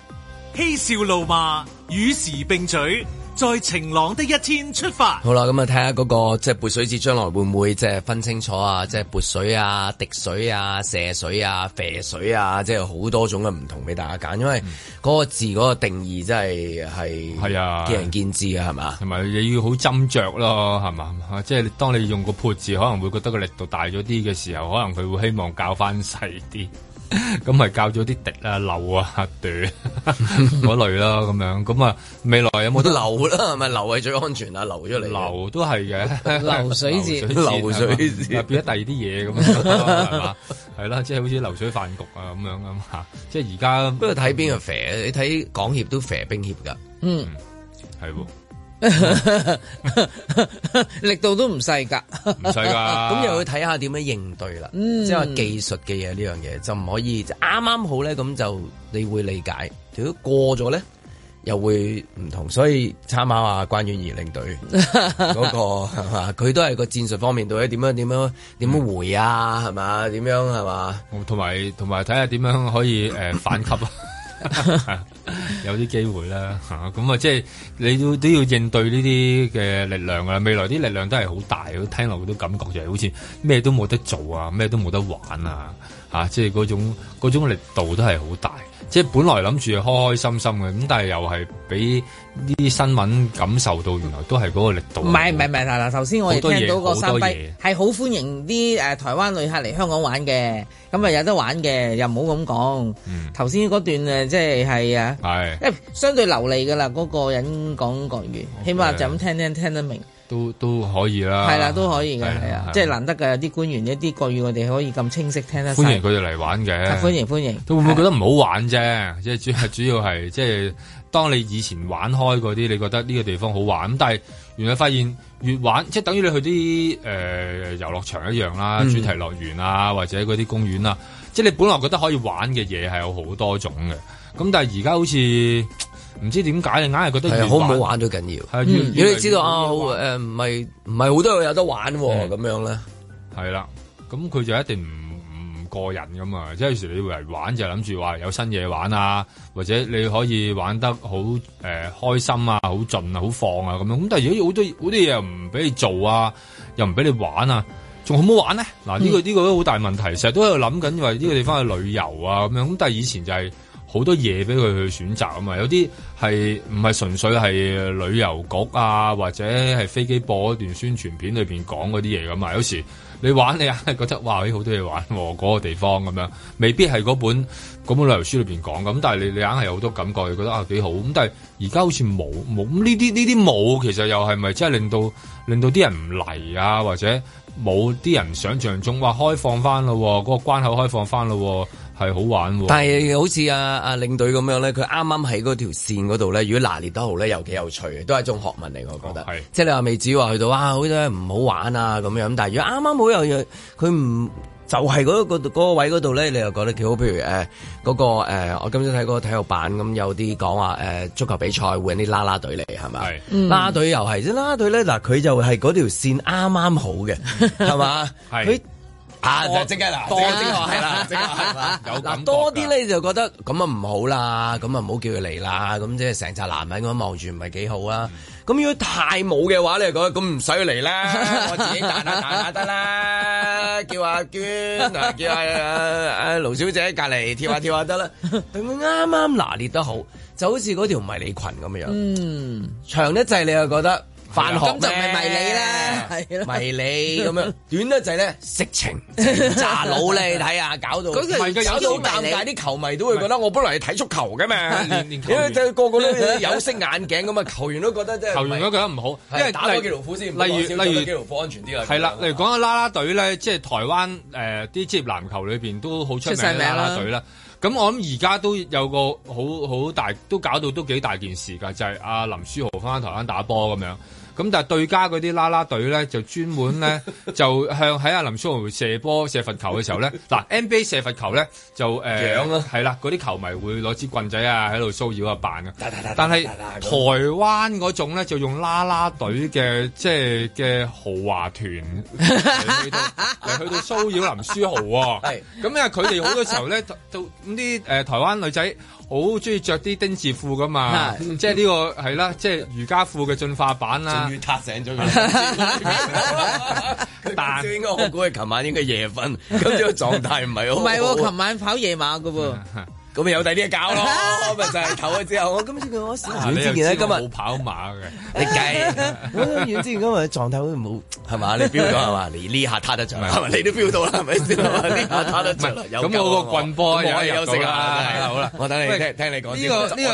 嬉笑怒罵，與時並舉。 在晴朗的一天出發。好啦，咁啊、那個，睇下嗰個即係潑水節將來會唔會即係分清楚啊，即係撥水啊、滴水啊、射水啊、肥水啊，即係好多種嘅唔同俾大家揀。因為嗰個字嗰個定義真係係係啊，見仁見智啊，係嘛，同埋你要好斟酌咯，係嘛，即、就、係、是、當你用個潑字可能會覺得個力度大咗啲嘅時候，可能佢會希望較翻細啲。咁咪教咗啲滴啊流啊斷嗰類啦，咁樣咁啊未來有冇得流啦？咪流係最安全啊，流出嚟。流都係嘅，流水字，流水字變咗第二啲嘢咁啊，係嘛？係啦，即係好似流水飯局啊咁樣咁吓。即係而家，不過睇邊個肥，你睇港協都肥冰協噶，嗯，係喎。 力度都唔細噶，唔細噶。咁又去睇下點樣應對啦，嗯，即係話技術嘅嘢呢樣嘢就唔可以就啱啱好咧，咁就你會理解。如果過咗咧，又會唔同。所以參考下關婉儀領隊嗰個佢都係個戰術方面到底點樣點樣點樣回啊，係嘛？點樣係嘛？同埋同埋睇下點樣可以誒，呃、反擊啊。 有啲機會啦，吓咁啊，嗯，即係你都要都要應對呢啲嘅力量啦！未來啲力量都係好大，聽落去都感覺就係好似咩都冇得做啊，咩都冇得玩啊，嚇、啊！即係種種力度都係好大。即係本來諗住開開心心嘅，咁但係又係俾呢啲新聞感受到，原來都係嗰個力度。唔係唔係唔係嗱，頭先我亦聽到個三輝係好歡迎啲誒、呃、台灣旅客嚟香港玩嘅，咁啊有得玩嘅，又唔好咁講。頭先嗰段誒，即係係啊，誒因為相對流利噶啦，嗰個人講國語，Okay. 起碼就咁聽聽聽，聽得明。都都可以啦，係啦，都可以嘅，係啊，即係難得嘅，有啲官員一啲國語我哋可以咁清晰聽得清楚，啊，歡迎佢哋嚟玩嘅，歡迎歡迎。都會唔會覺得唔好玩啫啊？即係主係主要係即係，當你以前玩開嗰啲，你覺得呢個地方好玩，但係原來發現越玩，即係等於你去啲誒遊樂場一樣啦，主題樂園啊，或者嗰啲公園啦，嗯，即係你本來覺得可以玩嘅嘢係有好多種嘅，咁但係而家好似。唔知點解，硬係覺得好唔好玩最緊要。如果、嗯、來你知道越越啊，誒唔係唔係好、呃、多有得玩咁、嗯、樣咧，係啦，咁佢就一定唔唔過癮㗎嘛。即係有時你會嚟玩就諗住話有新嘢玩啊，或者你可以玩得好誒、呃、開心啊，好盡啊，好放啊咁樣。咁但係如果好多嗰啲嘢又唔俾你做啊，又唔俾你玩啊，仲好唔好玩咧？嗱，呢、這個呢、這個都好、這個、大問題。成日都喺度諗緊話呢個地方係旅遊啊咁樣。咁但係以前就係、是。好多嘢俾佢去選擇啊嘛，有啲係唔係純粹係旅遊局啊，或者係飛機播一段宣傳片裏邊講嗰啲嘢咁啊。有時你玩你硬係覺得哇，咦，好多嘢玩嗰個地方咁樣，未必係嗰本本旅遊書裏邊講咁，但係你你硬係有好多感覺，你覺得啊幾好咁。但係而家好似冇冇呢啲呢啲冇，其實又係咪真係令到令到啲人唔嚟啊，或者冇啲人想象中話開放翻咯，嗰個關口開放翻咯。係好玩喎，啊，但係好似阿阿領隊咁樣咧，佢啱啱喺嗰條線嗰度咧，如果拿捏得好咧，又幾有趣，都係一種學問嚟，我覺得。係，哦，即係你話未至於話去到啊，好似唔好玩啊咁樣。但係如果啱啱好又佢唔就係、是、嗰、嗰個嗰個位嗰度咧，你又覺得幾好。譬如誒嗰、呃嗰個、呃、我今朝睇嗰個體育版咁，有啲講話誒足球比賽會有啲啦啦隊嚟係嘛？啦是、嗯、啦隊又係啫，啦啦隊咧嗱，佢就係嗰條線啱啱好嘅係嘛？係。 是 啊！即刻男多啲係啦，有多啲咧就覺得咁啊唔好啦，咁啊唔好叫佢嚟啦，咁即係成紮男人咁望住唔係幾好呀。咁如果太冇嘅話咧，你就覺得咁唔使佢嚟啦，我自己打下打下得啦，叫阿娟，叫阿阿盧小姐隔籬跳下跳下得啦。等佢啱啱拿捏得好，就好似嗰條迷你裙咁樣樣。嗯，長啲制你又覺得。咁就唔係迷你啦，迷你咁樣，短得滯咧色情，渣佬你睇下，搞到，搞到啲球迷都會覺得，是我本來係睇足球嘅嘛， 因為個個都有色眼鏡咁啊，球員都覺得，球員都覺得唔好，因為打多幾龍虎先，例如例如幾龍虎安全啲係啦，例如講下啦啦隊咧，即係台灣誒啲職業籃球裏邊都好出名啦啦隊啦，咁我諗而家都有個好好大，都搞到都幾大件事噶，就係、是、阿、啊、林書豪翻台灣打波咁樣。咁但係對家嗰啲啦啦隊咧，就專門咧就向喺阿林書豪射波射罰球嘅時候咧，嗱 NBA 射罰球咧就誒係、呃啊、啦，嗰啲球迷會攞支棍仔啊喺度騷擾啊扮嘅。但係但但台灣嗰種咧就用啦啦隊嘅即係嘅豪華團嚟 去，去到騷擾林書豪喎、哦。咁因為佢哋好多時候咧就咁啲誒台灣女仔。好中意着啲丁字褲噶嘛，即係呢個係啦，即係 瑜伽褲嘅進化版啦、啊。終於踏醒咗佢，但 應該我估係琴晚應該夜瞓，咁樣狀態唔係好。唔係，琴晚跑夜馬嘅噃。 咁咪有第啲嘢搞咯，咪就係唞咗之後，我今次佢我小遠之前咧，今日冇跑馬嘅，你計，我遠之前今日狀態好唔好，係嘛？你飆到係嘛？你呢下撻得着，你都飆到啦，係咪先？呢下撻得着，咁有個棍波又可以休息下，好啦，我等你聽，聽你講呢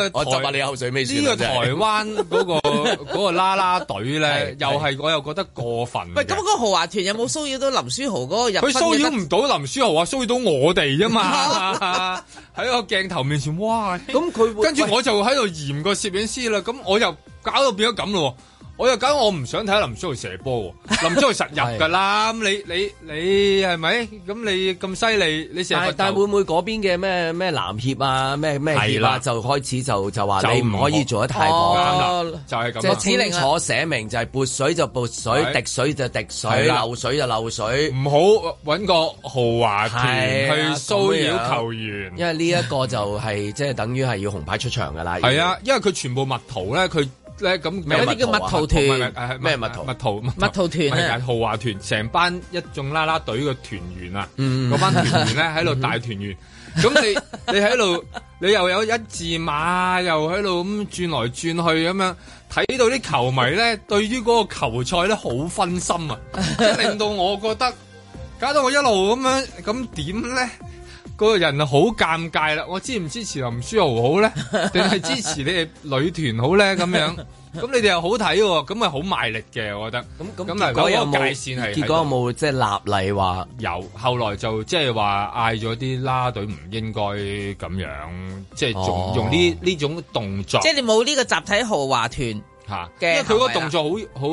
個我就話你口水尾呢個台灣嗰個嗰個啦啦隊咧，又係我又覺得過分。喂，咁嗰個豪華團有冇騷擾到林書豪嗰個人？佢騷擾唔到林書豪啊，騷擾到我哋啫嘛。喺個鏡頭面前，哇！咁佢、嗯、跟住我就喺度嫌個攝影師啦，咁喂我又搞到變咗咁咯。我又咁，我唔想睇林書豪射波，林書豪實入噶啦。咁你你你係咪？咁你咁犀利，你射波但但會唔會嗰邊嘅咩咩籃協啊咩咩係啦就開始就就話你唔可以做得太狂啦，就係咁。即係指令我寫明就係撥水就撥水，滴水就滴水，漏水就漏水，唔好搵個豪華田去騷擾球員，因為呢一個就係即係等於係要紅牌出場噶啦。係啊，因為佢全部密圖咧，佢。咧咁有啲叫蜜桃團，咩蜜桃？蜜桃蜜桃，蜜桃團咧，豪華、啊、團，成班一眾啦啦隊嘅團員啊，嗰、嗯、班團員咧喺度大團圓。咁、嗯嗯、你你喺度，你又有一字馬，又喺度咁轉來轉去咁樣，睇到啲球迷咧對於嗰個球賽咧好分心啊，即係令到我覺得，搞到我一路咁樣，咁點咧？嗰個人好尷尬啦！我支唔支持林書豪好咧，定係支持你哋女團好咧？咁樣咁你哋又好睇喎、哦，咁咪好賣力嘅，我覺得。咁咁有界線有冇？結果有冇即係立例話有？後來就即係話嗌咗啲啦隊唔應該咁樣，即係用用呢呢種動作。即係你冇呢個集體豪華團嚇，因為佢嗰個動作好好。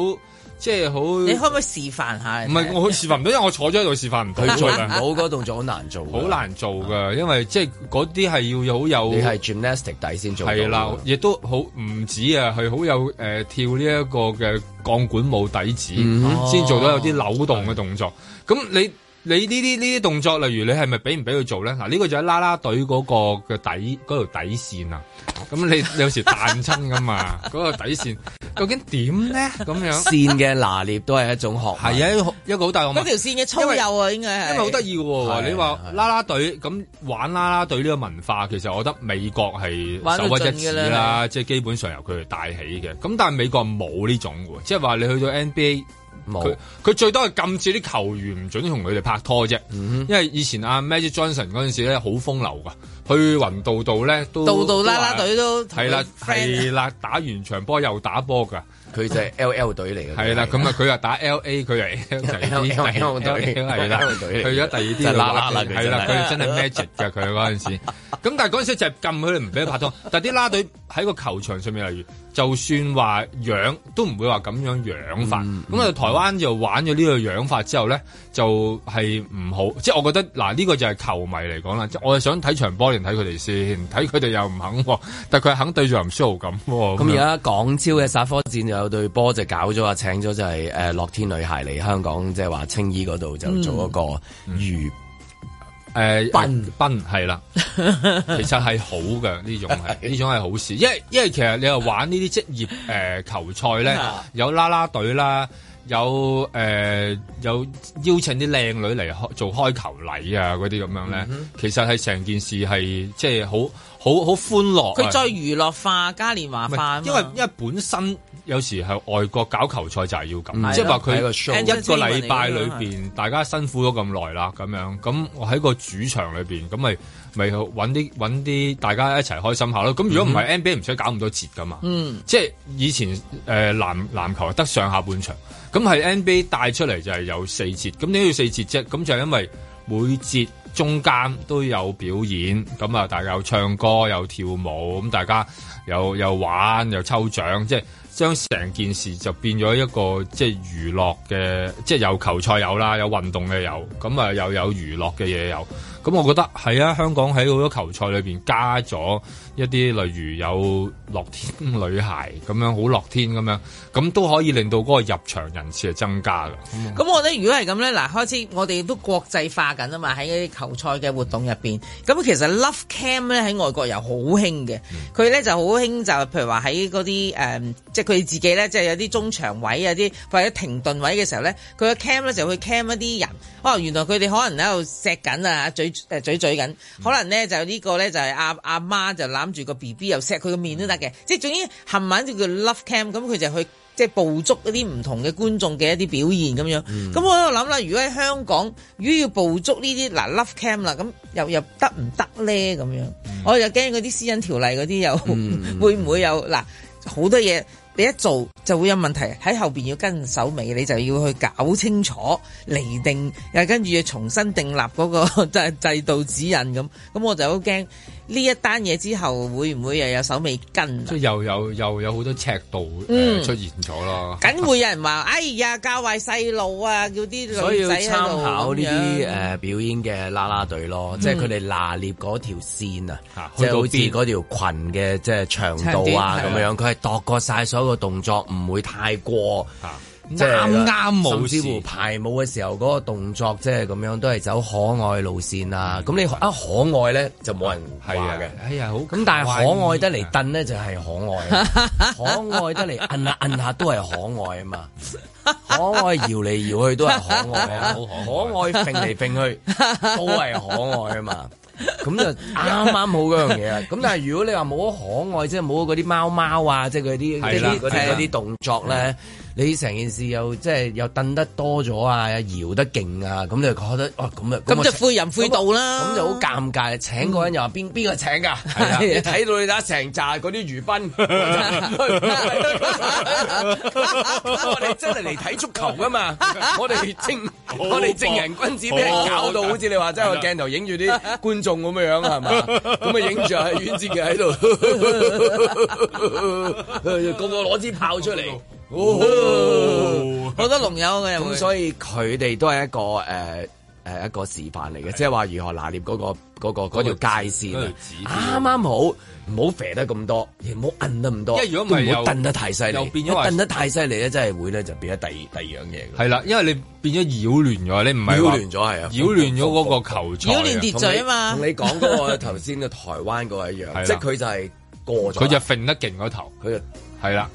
即係好，你可唔可以示範下？唔係，我去示範唔到，因為我坐咗喺度示範唔到。扭嗰 動作好難做，好 難做㗎，因為即係嗰啲係要好有，你係 gymnastic 底先做到。係啦，亦都好唔止啊，係好有誒、呃、跳呢一個嘅鋼管舞底子，先、uh huh. 做到有啲扭動嘅動作。咁、oh. 你。你呢啲呢啲動作，例如你係咪俾唔俾佢做咧？嗱、啊，呢、呢個就係啦啦隊嗰個嘅底嗰條底線啊。咁 你，你有時彈親㗎嘛？嗰 個底線究竟點咧？咁樣線嘅拿捏都係一種學，係啊，一個好大嘅問。嗰條線嘅粗幼啊，為應該係因為好得意喎。啊啊啊、你話啦啦隊咁玩啦啦隊呢個文化，其實我覺得美國係首屈一指啦，即係基本上由佢哋帶起嘅。咁但係美國冇呢種嘅，即係話你去到 NBA。佢佢最多係禁止啲球員唔準同佢哋拍拖啫，因為以前阿 Magic Johnson 嗰陣時咧，好風流噶，去雲道度咧都度度啦啦隊都係啦，係啦，打完場波又打波噶，佢就係 LL 隊嚟嘅。係啦，咁啊佢又打 LA，佢係 LL 隊係啦，去咗第二啲係啦，佢真係 Magic 噶。佢嗰陣時。咁但係嗰陣時就係禁佢哋唔俾佢拍拖，但啲拉隊。喺個球場上面，例如就算話養都唔會話咁樣養法。咁啊、嗯，嗯、台灣就玩咗呢個養法之後咧，就係、是、唔好。即係、嗯、我覺得嗱，呢、這個就係球迷嚟講啦。即、就是、我係想睇場波，先睇佢哋先，睇佢哋又唔肯。但佢係肯對著林書豪咁。咁而家港超嘅殺科戰就有對波就搞咗啊，請咗就係誒樂天女孩嚟香港，即係話青衣嗰度就做一個娛、嗯。嗯誒，奔奔係啦，其實係好嘅呢種係，呢種係好事，因為因為其實你又玩職、呃、呢啲職業誒球賽咧， 有啦啦隊啦，有誒、呃、有邀請啲靚女嚟開做開球禮啊，嗰啲咁樣咧，嗯、哼其實係成件事係即係好好好歡樂，佢再娛樂化嘉年華化，因為因為本身。有時係外國搞球賽就係要咁，即係話佢一個 show，一個禮拜裏邊 大家辛苦咗咁耐啦，咁樣，咁我喺個主場裏邊咁咪咪揾啲揾啲大家一齊開心下咯。咁如果唔係 NBA 唔使搞咁多節噶嘛，嗯、即係以前誒籃、呃、籃球得上下半場，咁係 NBA 帶出嚟就係有四節。咁點解要四節啫？咁就係因為每節中間都有表演，咁啊，大家有唱歌有跳舞，咁大家又又玩又抽獎，即係。將成件事就變咗一個即係娛樂嘅，即係有球賽有啦，有運動嘅有，咁啊又有娛樂嘅嘢有。咁我覺得係啊，香港喺好多球賽裏邊加咗一啲例如有樂天女孩咁樣好樂天咁樣，咁都可以令到嗰個入場人次係增加㗎。咁我覺得如果係咁咧，嗱，開始我哋都國際化緊啊嘛，喺啲球賽嘅活動入邊，咁、嗯、其實 Love Cam 咧喺外國又好興嘅，佢咧、嗯、就好興就譬如話喺嗰啲誒即係。佢自己咧，即係有啲中場位啊，啲或者停頓位嘅時候咧，佢嘅 cam 咧就去 cam 一啲人。哦，原來佢哋可能喺度錫緊啊，嘴誒嘴嘴緊。可能咧就呢個咧就係阿阿媽就攬住個 B B 又錫佢個面都得嘅。即係總之，冚唪唥就叫 love cam，咁佢就去即係捕捉一啲唔同嘅觀眾嘅一啲表現咁樣。咁我喺度諗啦，如果喺香港，如果要捕捉呢啲嗱 love cam 啦，咁又又得唔得咧？咁樣，我又驚嗰啲私隱條例嗰啲又會唔會有嗱好多嘢？你一做就會有問題，喺後邊要跟手尾，你就要去搞清楚釐定，又跟住要重新訂立嗰、嗰個制 制度指引咁，咁我就好驚。呢一單嘢之後會唔會又有手尾跟？即係又有又有好多尺度、呃嗯、出現咗咯。梗會有人話： 哎呀，教壞細路啊！叫啲女仔喺度參考呢啲誒表演嘅啦啦隊咯，即係佢哋拿捏嗰條線啊，嗯、即係好似嗰條裙嘅即係長度啊咁樣，佢係度過晒所有嘅動作，唔會太過。啊。啱啱冇似乎排舞嘅時候嗰試個動作，即係咁樣都係走可愛路線啦、啊。咁你一可愛咧就冇人話嘅。哎呀、啊，好咁、啊，但係可愛得嚟凳咧就係可愛， 可愛得嚟摁下摁下都係可愛啊嘛。可愛搖嚟搖去都係可愛啊，嗯嗯、可愛揈嚟揈去都係可愛啊嘛。咁就啱啱好嗰樣嘢啊。咁但係如果你話冇可愛，即係冇嗰啲貓貓啊，即係嗰啲嗰啲動作咧、啊。你成件事又即係又掟得多咗啊，又搖得勁啊，咁你覺得哇咁啊，咁即係灰人灰道啦，咁就好尷尬。請嗰個人又話邊邊個請㗎？你睇到你打成扎嗰啲魚賓，我哋真係嚟睇足球噶嘛？我哋正我哋正人君子俾人搞到好似你話齋，個鏡頭影住啲觀眾咁樣樣係嘛？咁啊影唔住啊，冤戰嘅喺度，個個攞支炮出嚟。哦，好多龍友嘅咁，所以佢哋都係一個誒誒，一個示範嚟嘅，即係話如何拿捏嗰個嗰個條界線啱啱好，唔好肥得咁多，亦唔好摁得咁多，如果唔好蹬得太犀利，變咗蹬得太犀利咧，真係會咧就變咗第第二樣嘢。係啦，因為你變咗擾亂咗，你唔係擾亂咗係啊，擾亂咗嗰個球賽，擾亂秩序啊嘛，你講嗰個頭先嘅台灣嗰一樣，即係佢就係過咗，佢就揈得勁個頭，佢就係啦。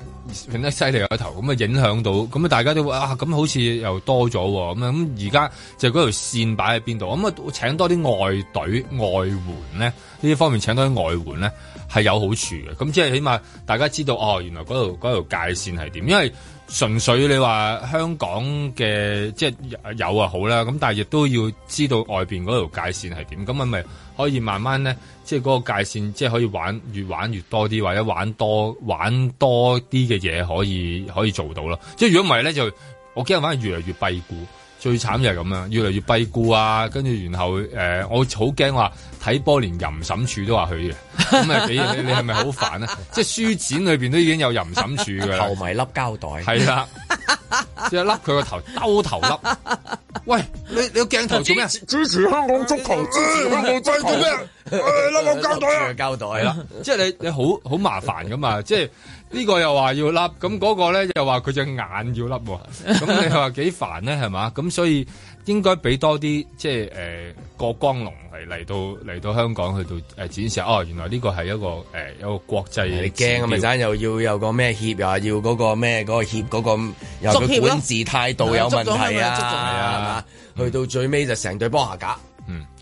變得犀利有頭咁啊，影響到咁啊，大家都話啊，咁好似又多咗喎咁樣。咁而家就嗰條線擺喺邊度？咁啊，請多啲外隊外援咧，呢啲方面請多啲外援咧，係有好處嘅。咁即係起碼大家知道哦，原來嗰條，嗰條界線係點。因為純粹你話香港嘅即係有啊好啦，咁但係亦都要知道外邊嗰條界線係點。咁啊咪可以慢慢咧。即係嗰個界線，即係可以玩越玩越多啲，或者玩多玩多啲嘅嘢可以可以做到咯。即係如果唔係咧，就我驚玩得越嚟越閉固，最慘就係咁樣，越嚟越閉固啊，跟住然後誒，我好驚話睇波連淫審處都話佢嘅，咁啊你你係咪好煩啊？即係書展裏邊都已經有淫審處噶啦球迷笠膠袋，係啦，即係笠佢個頭兜頭笠，喂，你你個鏡頭做咩？支持香港足球，香港制度咩？笠個膠袋啊！膠袋啦，即係你你好好麻煩噶嘛即係。呢個又話要笠，咁嗰個咧又話佢隻眼要笠，咁 你又話幾煩咧係嘛？咁所以應該俾多啲即係誒過江龍嚟嚟到嚟到香港去到誒、呃、展示哦。原來呢個係一個誒、呃、一個國際、哎、你驚咪嘛，咪陣又要有個咩協啊，要嗰個咩嗰個協嗰個，又佢管治態度有問題啊，去到最尾就成對幫下架。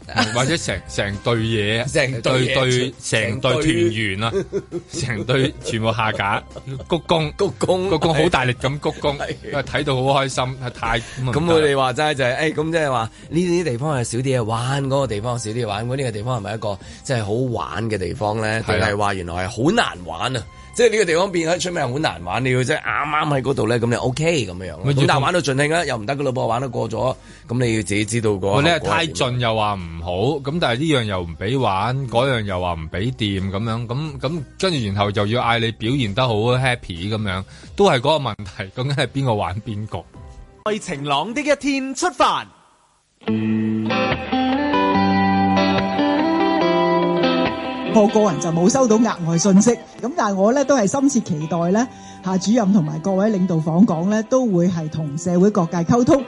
或者成成隊嘢，成隊隊成隊團員啦，成隊全部下架，鞠躬鞠躬鞠躬，好大力咁鞠躬，咁是啊睇到好開心，太咁佢哋話齋就係、是，誒咁即係話呢啲地方係少啲嘢玩，嗰、那個地方少啲玩，嗰呢嘅地方係咪一,、那個、一個即係好玩嘅地方咧？定係話原來係好難玩啊？即係呢個地方變咗出名好難玩，你要即係啱啱喺嗰度咧，咁你 OK 咁樣樣。難玩到盡興啊，又唔得嘅老婆玩得過咗，咁你要自己知道個。或者太盡又話唔好，咁但係呢樣又唔俾玩，嗰樣又話唔俾掂咁樣，咁咁跟住然後就要嗌你表現得好 happy 咁樣，都係嗰個問題，究竟係邊個玩邊個？在晴朗的一天出發。嗯我個人就冇收到額外信息咁，但係我咧都係深切期待咧，夏主任同埋各位領導訪港咧，都會係同社會各界溝通。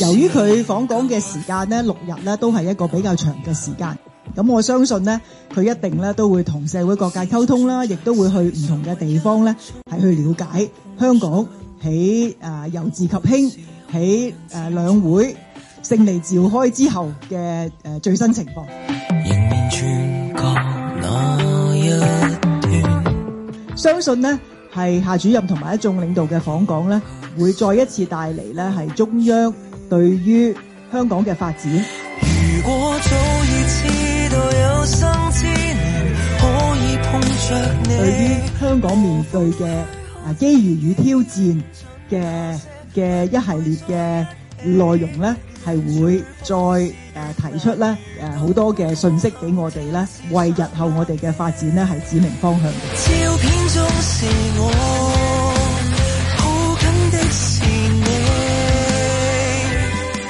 由於佢訪港嘅時間咧六日咧，都係一個比較長嘅時間。咁我相信咧，佢一定咧都會同社會各界溝通啦，亦都會去唔同嘅地方咧，係去了解香港喺誒由治及興，喺誒、呃、兩會勝利召開之後嘅誒、呃、最新情況， 相信呢係夏主任同埋一眾領導嘅訪港呢，會再一次帶嚟呢係中央對於香港嘅發展，如果早對於香港面對嘅啊機遇與挑戰嘅嘅一系列嘅內容咧，係會再誒提出咧誒好多嘅信息俾我哋咧，為日後我哋嘅發展咧係指明方向。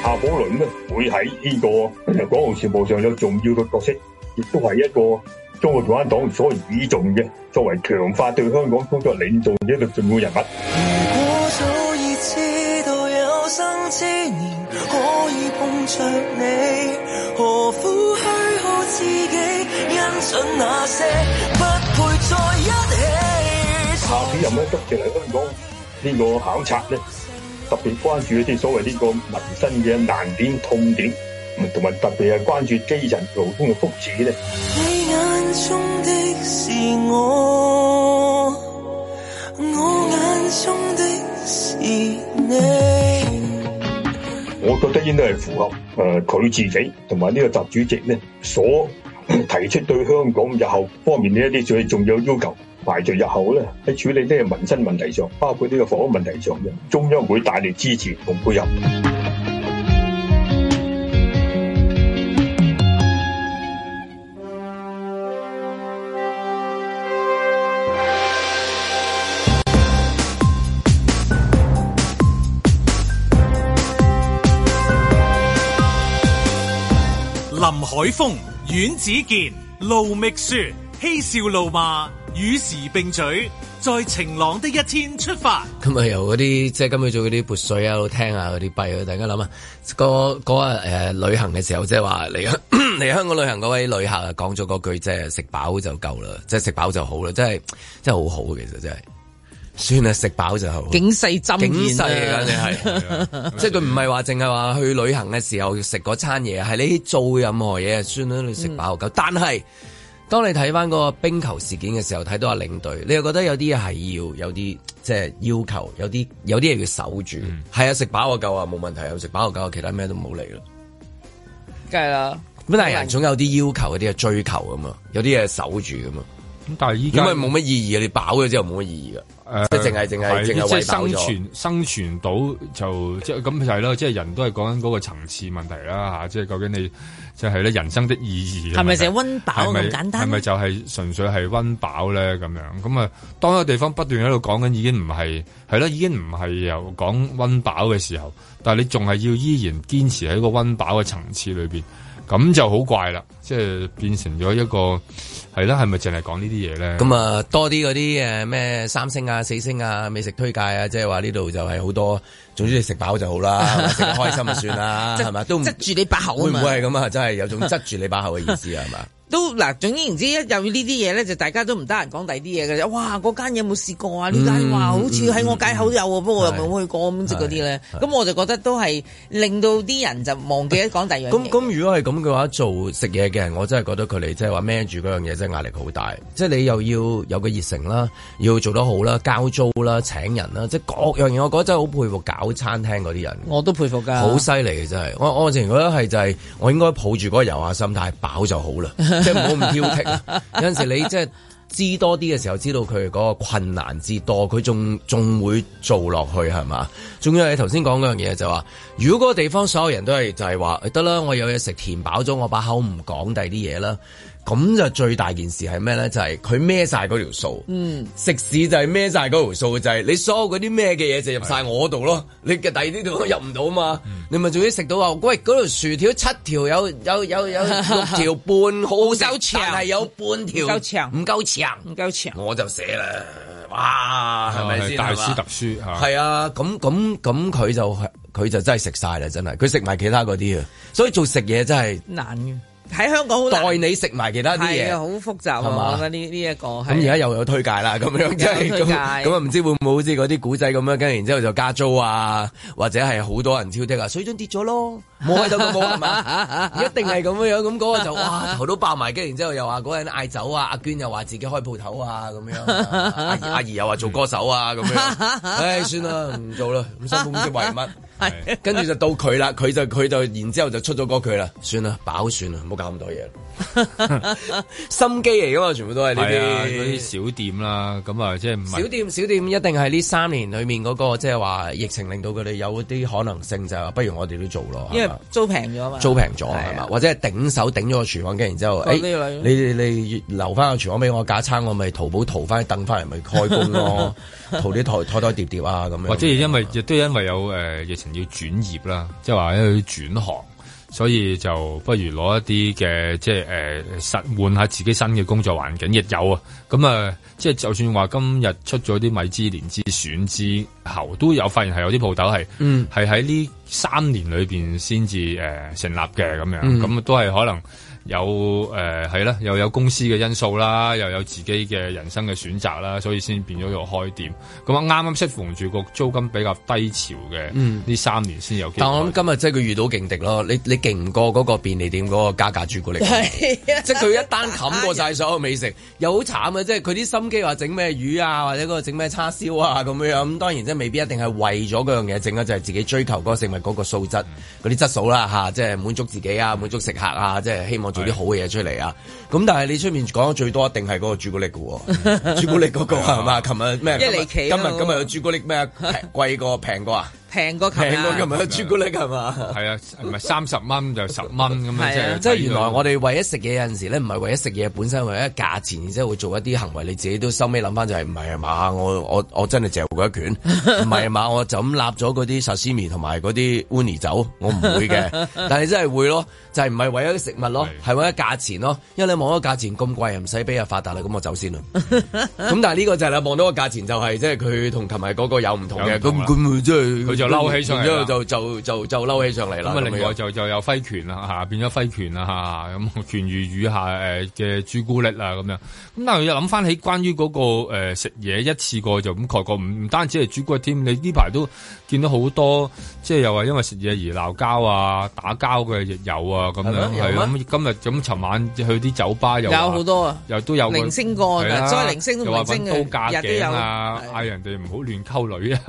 夏寶龍咧會喺呢個港澳事務上有重要嘅角色，亦都係一個中國共產黨所倚重嘅，作為強化對香港工作領導嘅一個重要人物。那不一起下次有咩特別嚟香港？呢個考察呢，特別關注一啲所謂呢個民生嘅難點、痛點，同埋特別係關注基層勞工嘅福祉呢。你眼中的是我，我眼中的是你。我覺得應該係符合呃，佢、呃、自己同埋呢個習主席所提出對香港日後方面呢一啲最重要要求，埋在日後咧，喺處理啲民生問題上，包括呢個房屋問題上，中央會大力支持同配合。海峰阮子健、盧覓雪嬉笑怒罵，與時並舉，在晴朗的一天出發。今日由嗰啲即係今日做嗰啲潑水啊、聽下嗰啲幣，大家諗啊，嗰日誒旅行嘅時候，即係話嚟香嚟香港旅行嗰位旅客講咗句，即係食飽就夠啦，即係食飽就好啦，即係即係好好啊，其實真係。算啦，食飽就好。警世針，警世啊，簡係的。 即係佢唔係話淨係話去旅行嘅時候要食嗰餐嘢，係你做任何嘢，算啦你食飽夠。嗯、但係，當你睇翻嗰個冰球事件嘅時候，睇到阿領隊，你又覺得有啲嘢係要有啲即係要求，有啲有啲嘢要守住。係啊、嗯，食飽我夠啊，冇問題。有食飽我夠，其他咩都冇理啦。梗係啦。咁但係人總有啲要求，有啲嘢追求噶嘛，有啲嘢守住噶嘛。咁但係依家，咁咪冇乜意義啊？你飽咗之後冇乜意義噶。呃、即係淨係淨係即係生存生存到就 即係咁就係咯，即係人都係講緊嗰個層次問題啦吓、啊，即係究竟你即係咧人生的意義係咪成溫飽咁簡單？係咪就係純粹係溫飽咧咁樣？咁、嗯、啊，當一個地方不斷喺度講緊，已經唔係係啦，已經唔係由講溫飽嘅時候，但係你仲係要依然堅持喺個溫飽嘅層次裏邊。咁就好怪啦，即係變成咗一個係啦，係咪淨係講呢啲嘢咧？咁啊，多啲嗰啲誒咩三星啊、四星啊、美食推介啊，即係話呢度就係、是、好多，總之你食飽就好啦，食 開心就算啦，係咪？ 都唔塞住你把口，會唔會係咁啊？真係有種塞住你把口嘅意思啊，係嘛？ 都嗱，總之然之一有呢啲嘢咧，就大家都唔得閒講第二啲嘢嘅啫。哇，嗰間有冇試過啊？呢、嗯、間話好似喺我街口都有，嗯、不過又冇去過咁即嗰啲咧。咁是我就覺得都係令到啲人就忘記咗講第二樣嘢。咁咁如果係咁嘅話，做食嘢嘅人，我真係覺得佢哋即係話孭住嗰樣嘢，真係壓力好大。即係你又要有個熱誠啦，要做得好啦，交租啦，請人啦，即係各樣嘢。我覺得真係好佩服搞餐廳嗰啲人，我都佩服㗎，好犀利，真係。我我之前覺得係就係我應該抱住嗰個遊客心態，飽就好啦。 即係唔好咁挑剔啊！有陣時你即係知多啲嘅時候，知道佢嗰個困難之多，佢仲仲會做落去係嘛？仲有你頭先講嗰樣嘢就話，如果嗰個地方所有人都係就係、是、話，得、哎、啦，我有嘢食填飽咗，我把口唔講第啲嘢啦。咁就最大件事係咩咧？就係佢孭晒嗰條數，嗯，食肆就係孭晒嗰條數，就係你所有嗰啲咩嘅嘢就入晒我度咯。你嘅第啲度都入唔到嘛？你咪仲要食到啊？喂，嗰條薯條七條有有有有六條半，好長，但係有半條，夠長唔夠長，唔夠長。我就死啦，哇，係咪先？大書特書係啊，咁咁咁，佢就佢就真係食晒啦，真係佢食埋其他嗰啲啊。所以做食嘢真係難嘅。喺香港好多代你食埋其他啲嘢，好複雜啊！吧我覺得呢呢一個咁而家又有推介啦，咁樣真係咁啊！唔、嗯、知會唔會好似嗰啲古仔咁樣跟，然之後就加租啊，或者係好多人挑剔啊，水準跌咗咯，冇開心到冇啊嘛！一 定係咁樣咁講、那個、就哇頭都爆埋，跟然之後又話嗰人嗌走啊，阿娟又話自己開鋪頭啊咁樣，啊、阿兒又話做歌手啊咁樣，唉、哎、算啦唔做啦，咁辛苦為乜。 跟住就到佢啦，佢就佢就然之後就出咗嗰句啦，算啦，飽算啦，唔好搞咁多嘢。 心機嚟噶嘛，全部都係呢啲，啲、啊、小店啦，咁啊，即係小店，小店一定係呢三年裏面嗰、嗰個，即係話疫情令到佢哋有啲可能性就話，不如我哋都做咯，因為租平咗嘛，租平咗係嘛，或者係頂手頂咗個廚房機，跟然之後，你你，你留翻個廚房俾我，架撐我咪淘寶淘翻啲凳翻嚟，咪開工咯， 淘啲台台台碟碟啊咁樣，或者因為亦都因為有誒疫情要轉業啦，即係話要轉行。所以就不如攞一啲嘅即係，誒實換下自己新嘅工作環境，亦有啊。咁啊，即係就算話今日出咗啲米芝蓮之選之後，都有發現係有啲鋪頭係，嗯。係喺呢三年裏邊先至誒成立嘅咁樣。咁都係可能。有誒係啦，又有公司嘅因素啦，又有自己嘅人生嘅選擇啦，所以先變咗做開店。咁啊啱啱適逢住個租金比較低潮嘅呢三年先有。但我諗今日即係佢遇到勁敵咯，你你勁唔過嗰個便利店嗰個加價朱古力？ 即係佢一單冚過晒所有美食，又好慘啊！即係佢啲心機話整咩魚啊，或者嗰個整咩叉燒啊咁樣。咁當然即係未必一定係為咗嗰樣嘢整啦，就係、係、自己追求嗰個食物嗰個素質、嗰啲、嗯、質素啦嚇，即係滿足自己啊，滿足食客啊，即係希望。做啲好嘅嘢出嚟啊！咁是但係你出面講得最多一定係嗰個朱古力嘅喎，哦，朱古 力嗰，嗰個係嘛？琴 日咩？今日今日有朱古力咩？平貴過平過啊？ 平過咁啊，過啊朱古力係嘛？係啊， 唔係三十蚊就十蚊咁樣 即係。原來我哋為咗食嘢有陣時咧，唔係為咗食嘢本身，為咗價錢，然之後會做一啲行為。你自己都收尾諗翻就係唔係啊嘛？我我我真係嚼嗰一拳，唔係啊嘛？我就咁揦咗嗰啲壽司味同埋嗰啲 uni 走，我唔會嘅。但係真係會咯，就係唔係為咗食物咯，係為咗價錢咯。因為你望到價錢咁貴，唔使俾啊發達啦，咁我先走先啦。咁 但係呢個就係啦，望到個價錢就係即係佢同琴日嗰個有唔同嘅。咁佢即係。就嬲起上嚟，就就就就嬲起上嚟啦。咁另外就就有揮拳啦，吓變咗揮拳啦，吓咁拳如雨下，誒嘅朱古力啊，咁樣。咁但係又諗翻起關於嗰個誒食嘢一次過就咁蓋過，唔唔單止係朱古力添。你呢排都見到好多，即係又話因為食嘢而鬧交啊、打交嘅亦有啊，咁樣係咁。今日咁尋晚去啲酒吧又，有好多啊，又都有明星個，再明星都唔驚嘅，都有啊，嗌人哋唔好亂溝女啊，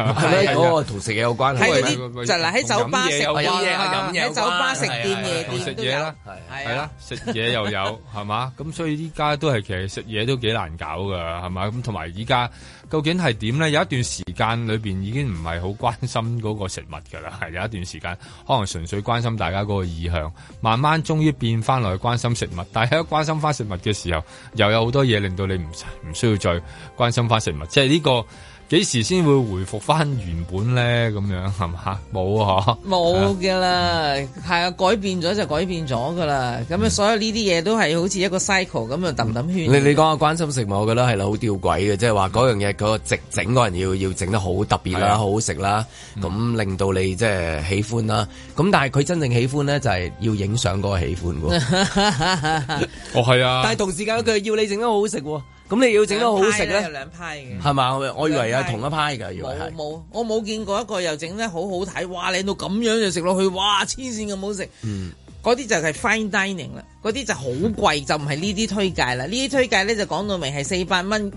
同食嘢有係啲就嗱，喺酒吧食嘢，飲嘢；喺酒吧食嘢，食嘢啦，係啦，食嘢又有，係嘛？咁所以依家都係，其實食嘢都幾難搞噶，係嘛？咁同埋依家究竟係點咧？有一段時間裏邊已經唔係好關心嗰個食物噶啦，係有一段時間可能純粹關心大家嗰個意向，慢慢終於變翻落去關心食物。但係喺關心翻食物嘅時候，又有好多嘢令到你唔唔需要再關心翻食物，即係呢個。幾時先會回復翻原本咧？咁樣係嘛？冇啊，冇嘅啦，係啊，改變咗就改變咗噶啦。咁啊，所有呢啲嘢都係好似一個 cycle 咁啊，氹氹圈。你你講下，關心食冇，我覺得係啦，好吊詭嘅，即係話嗰樣嘢，嗰個直整嗰人要要整得好特別啦，好好食啦，咁令到你即係喜歡啦。咁但係佢真正喜歡咧，就係要影相嗰個喜歡喎。哦，係啊。但係同時間一句要你整得好好食喎。咁你要整得好食咧，有兩派嘅，係嘛？我以為係同一派㗎，如果係冇我冇見過一個又整得好好睇，哇！靚到咁樣就食落去，哇！黐線咁好食。嗯，嗰啲就係 fine dining 啦，嗰啲就好貴，就唔係呢啲推介啦。呢啲推介咧就講到明係四百蚊。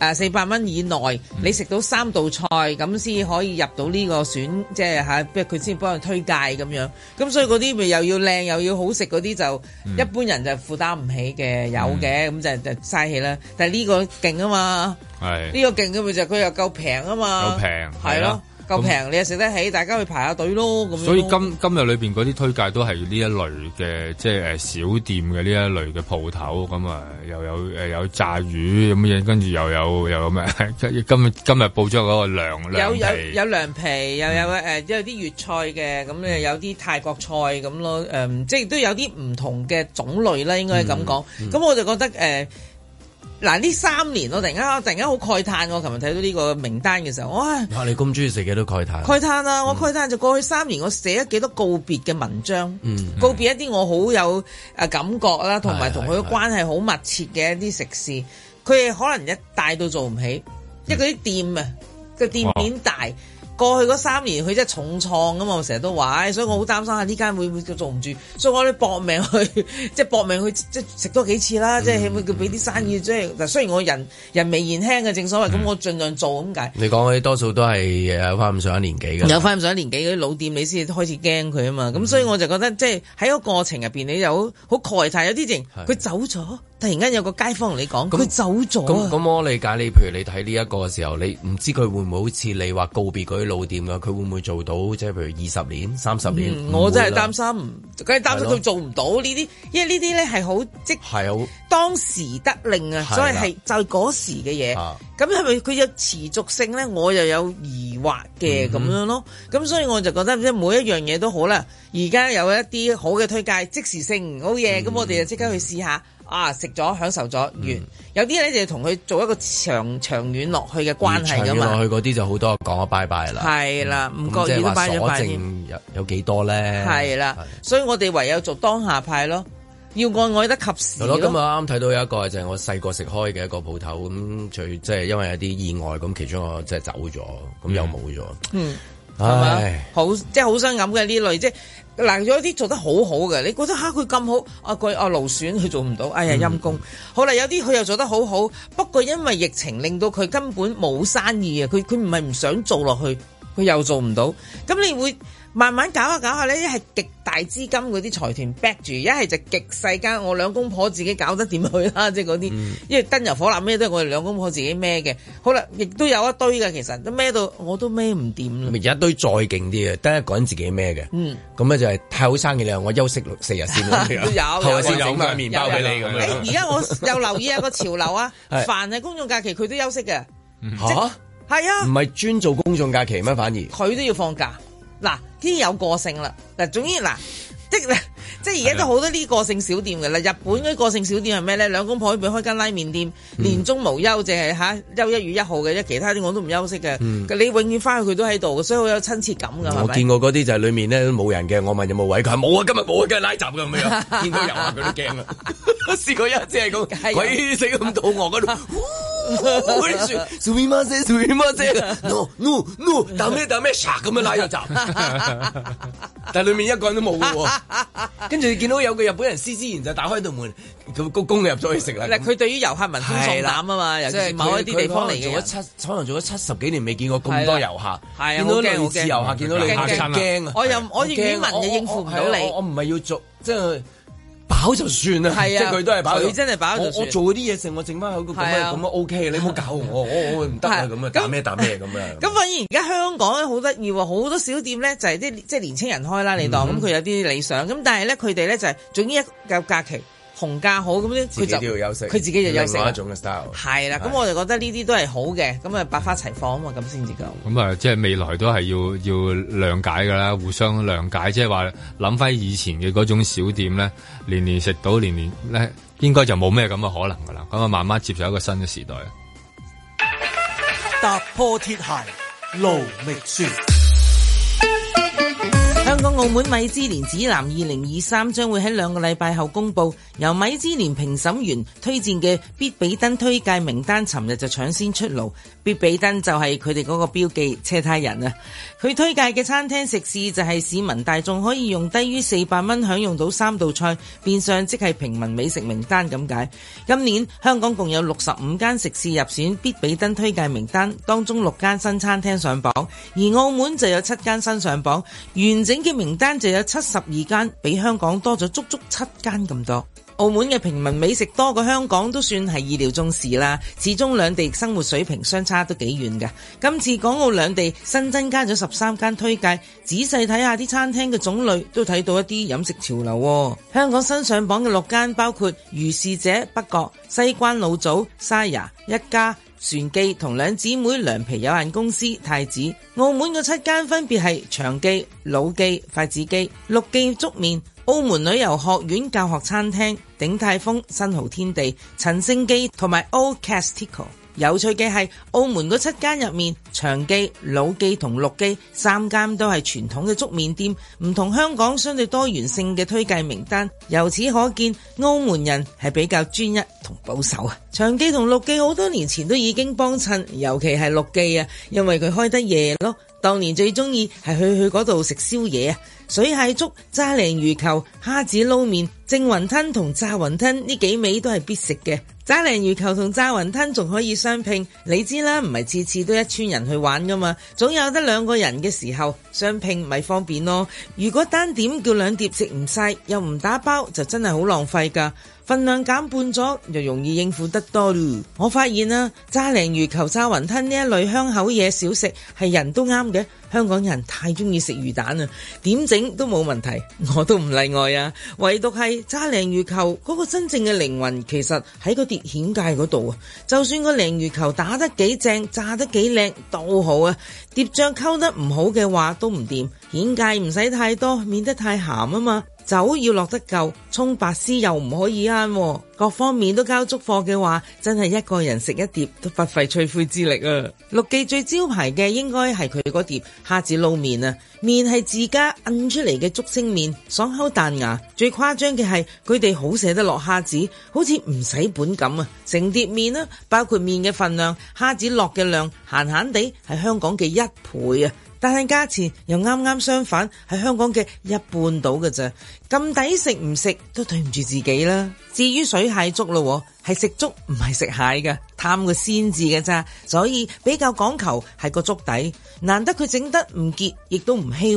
誒四百蚊以內，嗯、你食到三道菜咁先可以入到呢個選，即係嚇，即係佢先幫佢推介咁樣。咁所以嗰啲咪又要靚又要好食嗰啲就、嗯、一般人就負擔唔起嘅，有嘅咁、嗯、就就嘥氣啦。但係呢個勁啊嘛，係呢是個勁嘅咪就佢又夠平啊嘛，夠平係咯。夠平你又食得起，嗯、大家去排下隊咯咁。所以今咯今日裏邊嗰啲推介都係呢一類嘅，即係誒小店嘅呢一類嘅鋪頭咁啊，又有誒、呃、有炸魚咁樣，跟住又有又有咩？ 今今日報咗嗰個涼涼皮，有有有涼皮，嗯、又有誒、呃、有啲粵菜嘅，咁又有啲泰國菜咁咯。誒、呃，即係都有啲唔同嘅種類啦，應該係咁講。咁、嗯嗯嗯、我就覺得誒。呃嗱，呢三年我突然間，突然間好慨嘆。我琴日睇到呢個名單嘅時候，哇、哎！嚇你咁中意食幾多慨嘆？慨嘆啦，我慨嘆、嗯、就過去三年，我寫咗幾多告別嘅文章，嗯、告別一啲我好有誒感覺啦，同埋同佢嘅關係好密切嘅一啲食肆。佢哋、哎哎哎、可能一大都做唔起，因為啲店啊，個店面大。過去嗰三年佢真係重創㗎嘛，我成日都話，所以我好擔心啊呢間會唔會做唔住，所以我哋搏命去，即係搏命去，即係食多幾次啦，即係會唔會俾啲生意？即係嗱，雖然我人微言輕嘅，正所謂咁，我儘量做咁解。你講嗰多數都係有翻咁上下年紀嘅，有翻咁上下年紀嗰啲老店，你先開始驚佢啊嘛。咁所以我就覺得，即係喺一個過程入邊，你就好慨嘆，有啲情佢走咗，突然間有個街坊同你講佢走咗啊。咁我理解你，譬如你睇呢一個嘅時候，你唔知佢會唔會好似你話告別佢。做掂噶，佢會唔會做到？即係譬如二十年、三十年，嗯、我真係擔心，梗係擔心佢做唔到呢啲的，因為呢啲咧係好即係好的當時得令啊，的所以係就係嗰時嘅嘢。咁係咪佢有持續性咧？我又有疑惑嘅咁、嗯、哼樣咯。咁所以我就覺得，即係每一樣嘢都好啦。而家有一啲好嘅推介，即時性好嘢，咁我哋就即刻去試下。啊！食咗，享受咗完，嗯、有啲咧就同佢做一個長長遠落去嘅關係噶嘛。落去嗰啲就好多講啊拜拜啦。係啦的，唔、嗯、覺意都拜咗拜有有幾多咧？係啦的，的所以我哋唯有做當下派咯，要愛愛得及時咯。咁啊，啱啱睇到有一個就係我細個食開嘅一個鋪頭，咁最即係因為有啲意外，咁其中一個即係走咗，咁又冇咗。嗯，係咪，好即係好傷感嘅呢類即係。就是嗱，有啲做得好好嘅，你覺得吓佢咁好，啊佢啊勞損佢做唔到，哎呀陰功。嗯、好啦，有啲佢又做得好好，不過因為疫情令到佢根本冇生意啊，佢佢唔係唔想做落去，佢又做唔到，咁你會。慢慢搞下搞下咧，一係極大資金嗰啲財團 back 住，一係就極細間，我兩公婆自己搞得掂去啦，即係嗰啲。因為燈油火蠟咩都係我哋兩公婆自己孭嘅。好啦，亦都有一堆嘅，其實都孭到我都孭唔掂。而一堆再勁啲嘅，得一個人自己孭嘅。嗯，咁咧就係太好生意啦，我休息六四日先攞啲啊，頭先整塊麵包俾你咁樣。而家我又留意有個潮流啊，凡係公眾假期佢都休息嘅。嚇，係啊，唔係專做公眾假期咩？反而佢都要放假。嗱，天有個性啦，嗱，終於嗱，即即係而家都好多呢啲個性小店嘅啦，日本嗰個性小店係咩咧？兩公婆佢開間拉麵店，年中無休，淨係嚇休一月一號嘅，即係其他啲我都唔休息嘅。Um、你永遠翻去佢都喺度嘅，所以好有親切感噶、嗯。我見過嗰啲就係裡面咧都冇人嘅，我問有冇位，佢話冇啊，今日冇啊，今日拉閘㗎咁樣，見到有啊，佢都驚啦。試過一次係咁鬼死咁肚餓嗰度，唔唔唔，但咩但咩殺咁樣拉閘，但裡面一個人都冇喎。跟住你見到有個日本人獅子然就打開道門，咁鞠躬你入咗去食啦。佢對於遊客民風重膽啊嘛，尤其係某一啲地方嚟做咗七，可能做咗七十幾年未見過咁多遊客，見到類似遊客，見到你，似驚啊！我又我粵語文又應付唔到你，我唔係要做即係。飽就算啦，即係佢都係飽。佢真係飽就算。我我做嗰啲嘢食，我整翻喺個咁樣咁樣 O K，你唔好搞我，我我唔得啊咁啊，打咩打咩咁啊。咁反而而家香港好得意，好多小店咧就係啲即係年青人開啦，你當咁佢有啲理想，咁但係咧佢哋咧就係總之一有假期。同價好咁咧，佢就佢自，自己就休息一種嘅 style，係啦。咁的的我就覺得呢啲都係好嘅，咁啊百花齊放啊嘛，咁先至夠。咁啊、嗯，即係未來都係要要諒解嘅啦，互相諒解，即係話諗翻以前嘅嗰種小店咧，年年食到，年年咧應該就冇咩咁嘅可能噶啦。咁、嗯、啊，慢慢、嗯、接受一個新嘅時代。踏破鐵鞋路未絕。港澳門米芝蓮指南二零二三將會喺兩個禮拜後公布，由米芝蓮評審員推薦嘅必比登推介名單，尋日就搶先出爐。必比登就係佢哋嗰個標記車胎人啊！佢推介嘅餐廳食肆就係市民大眾可以用低於四百蚊享用到三道菜，變相即係平民美食名單咁解。今年香港共有六十五間食肆入選必比登推介名單，當中六間新餐廳上榜，而澳門就有七間新上榜。完整嘅名單就有七十二間，比香港多咗足足七間咁多。澳門嘅平民美食多過香港都算係意料中事啦，始終兩地生活水平相差都幾遠噶。今次港澳兩地新增加咗十三間推介，仔細睇下啲餐廳嘅種類，都睇到一啲飲食潮流。香港新上榜嘅六間包括如是者、北角、西關老祖、早、沙亞一家、船記同兩姊妹涼皮有限公司、太子。澳門嘅七間分別係長記、老記、筷子記、六記粥麵、澳門旅遊學院教學餐廳、鼎泰豐、新濠天地、陳勝記同埋 Old Castico。有趣嘅係，澳門嗰七間入面，長記、老記同陸記三間都係傳統嘅粥麵店，唔同香港相對多元性嘅推介名單。由此可見，澳門人係比較專一同保守啊！長記同陸記好多年前都已經幫襯，尤其係陸記啊，因為佢開得夜咯，當年最中意係去去嗰度食宵夜啊！水蟹粥、炸鯪魚球、蝦子撈麵、淨雲吞同炸雲吞呢幾味都係必食嘅。炸鯪魚球同炸雲吞仲可以相拼，你知啦，唔係次次都一村人去玩噶嘛，總有得兩個人嘅時候，相拼咪方便咯。如果單點叫兩碟食唔晒又唔打包，就真係好浪費噶。份量減半咗又容易應付得多咯。我發現啊，炸鯪魚球、炸雲吞呢一類香口嘢小食係人都啱嘅。香港人太中意食魚蛋啦，點整都冇問題，我都唔例外啊。唯獨係炸鯪魚球嗰個真正嘅靈魂，其實喺個碟蜆芥嗰度啊。就算個鯪魚球打得幾正，炸得幾靚都好啊。碟醬溝得唔好嘅話都唔掂，蜆芥唔使太多，免得太咸啊嘛。酒要落得夠，蔥白絲又唔可以慳喎。各方面都交足貨嘅話，真係一個人食一碟都不費吹灰之力啊！六記最招牌嘅應該係佢嗰碟蝦子撈麵啊，麵係自家摁出嚟嘅竹升麵，爽口彈牙。最誇張嘅係佢哋好捨得落蝦子，好似唔使本咁啊！成碟麵啦，啊，包括麵嘅份量、蝦子落嘅量，閒閒地係香港嘅一倍啊！但係價錢又啱啱相反，係香港嘅一半到嘅咋，咁抵食唔食都對唔住自己啦。至於水蟹粥咯，係食粥唔係食蟹嘅，探個先字嘅咋，所以比較講求係個粥底，難得佢整得唔結，亦都唔稀。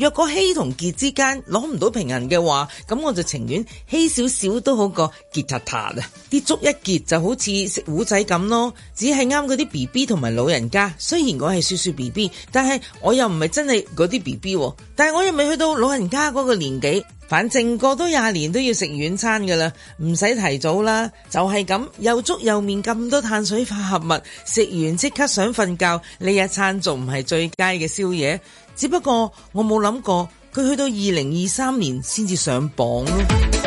若果稀同結之間攞唔到平衡嘅話，咁我就情願稀少少都好過結撻撻啦。啲粥一結就好似食糊仔咁咯，只係啱嗰啲 B B 同埋老人家。雖然我係説説 B B，但係我又唔係真係嗰啲 B B，但係我又未去到老人家嗰個年紀。反正過多廿年都要食軟餐噶啦，唔使提早啦，就係咁又粥又麵咁多碳水化合物，食完即刻想瞓覺，呢一餐仲唔係最佳嘅宵夜？只不過我冇諗過佢去到二零二三年先至上榜咯。